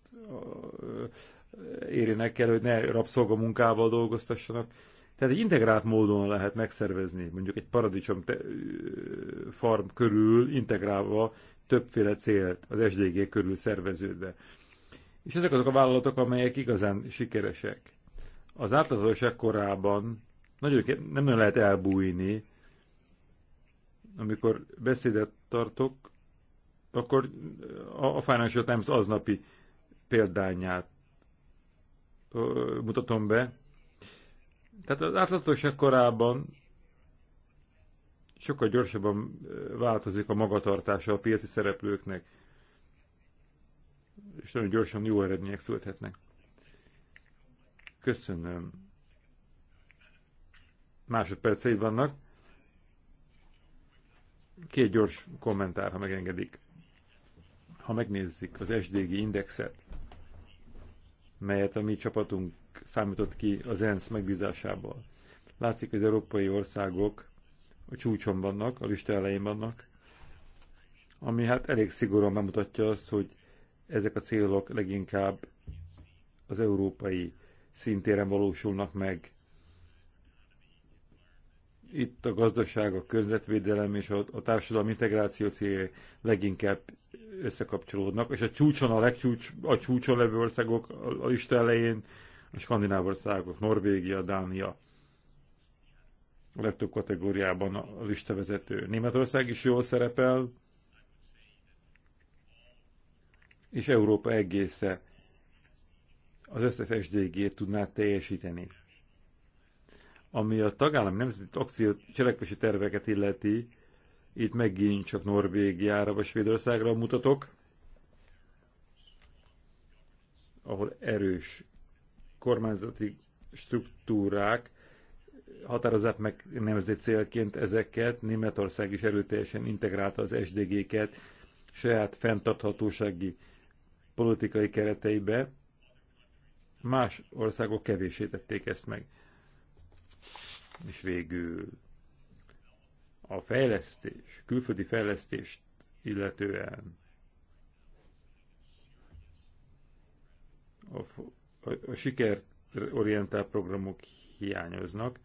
érjenek el, hogy ne rabszolgamunkával dolgoztassanak? Tehát egy integrált módon lehet megszervezni, mondjuk egy paradicsom farm körül integrálva többféle célt az SDG körül szerveződve. És ezek azok a vállalatok, amelyek igazán sikeresek. Az átláthatóság korában nagyon, nem nagyon lehet elbújni. Amikor beszédet tartok, akkor a Financial Times aznapi példányát mutatom be. Tehát az átláthatóság korában sokkal gyorsabban változik a magatartása a piaci szereplőknek, és nagyon gyorsan jó eredmények születhetnek. Köszönöm. Másodperceid vannak. Két gyors kommentár, ha megengedik. Ha megnézzük az SDG indexet, melyet a mi csapatunk számított ki az ENSZ megbízásából. Látszik, hogy az európai országok a csúcson vannak, a lista elején vannak, ami hát elég szigorúan bemutatja azt, hogy ezek a célok leginkább az európai szintéren valósulnak meg. Itt a gazdaság, a közvetvédelem és a, társadalmi integráció szélje leginkább összekapcsolódnak, és a csúcson, a legcsúcs, a csúcson levő országok a, a lista elején a skandináv országok, Norvégia, Dánia a legtöbb kategóriában a vezető. Németország is jól szerepel, és Európa egészen az összes SDG-t tudná teljesíteni. Ami a tagállam nemzeti akció cselekvési terveket illeti, itt megint csak Norvégiára vagy Svédországra mutatok, ahol erős kormányzati struktúrák határozzák meg nemzeti célként ezeket. Németország is erőteljesen integrálta az SDG-ket saját fenntarthatósági politikai kereteibe, Más országok kevésé tették ezt meg. És végül a fejlesztés, külföldi fejlesztést illetően a, a, a sikerorientált programok hiányoznak,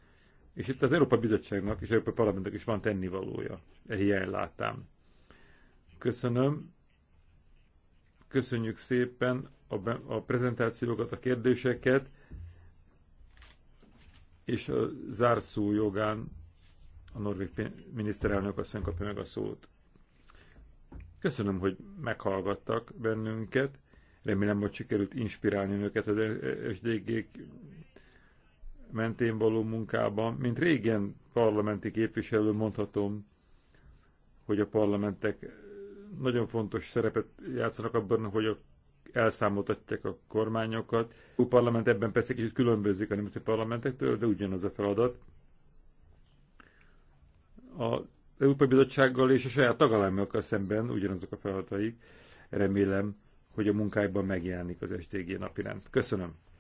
és itt az Európa Bizottságnak és Európa Parlamentnek is van tennivalója, e hiány látám. Köszönöm. Köszönjük szépen a, a prezentációkat, a kérdéseket, és a zárszó jogán a norvég miniszterelnök asszony kapja meg a szót. Köszönöm, hogy meghallgattak bennünket. Remélem, hogy sikerült inspirálni önöket az SDG mentén való munkában. Mint régen parlamenti képviselő mondhatom, hogy a parlamentek nagyon fontos szerepet játszanak abban, hogy a elszámoltatják a kormányokat. A parlament ebben persze kicsit különbözik a nemzeti parlamentektől, de ugyanaz a feladat. A Európai Bizottsággal és a saját tagállamokkal szemben ugyanazok a feladataik. Remélem, hogy a munkájban megjelenik az STG napirend. Köszönöm.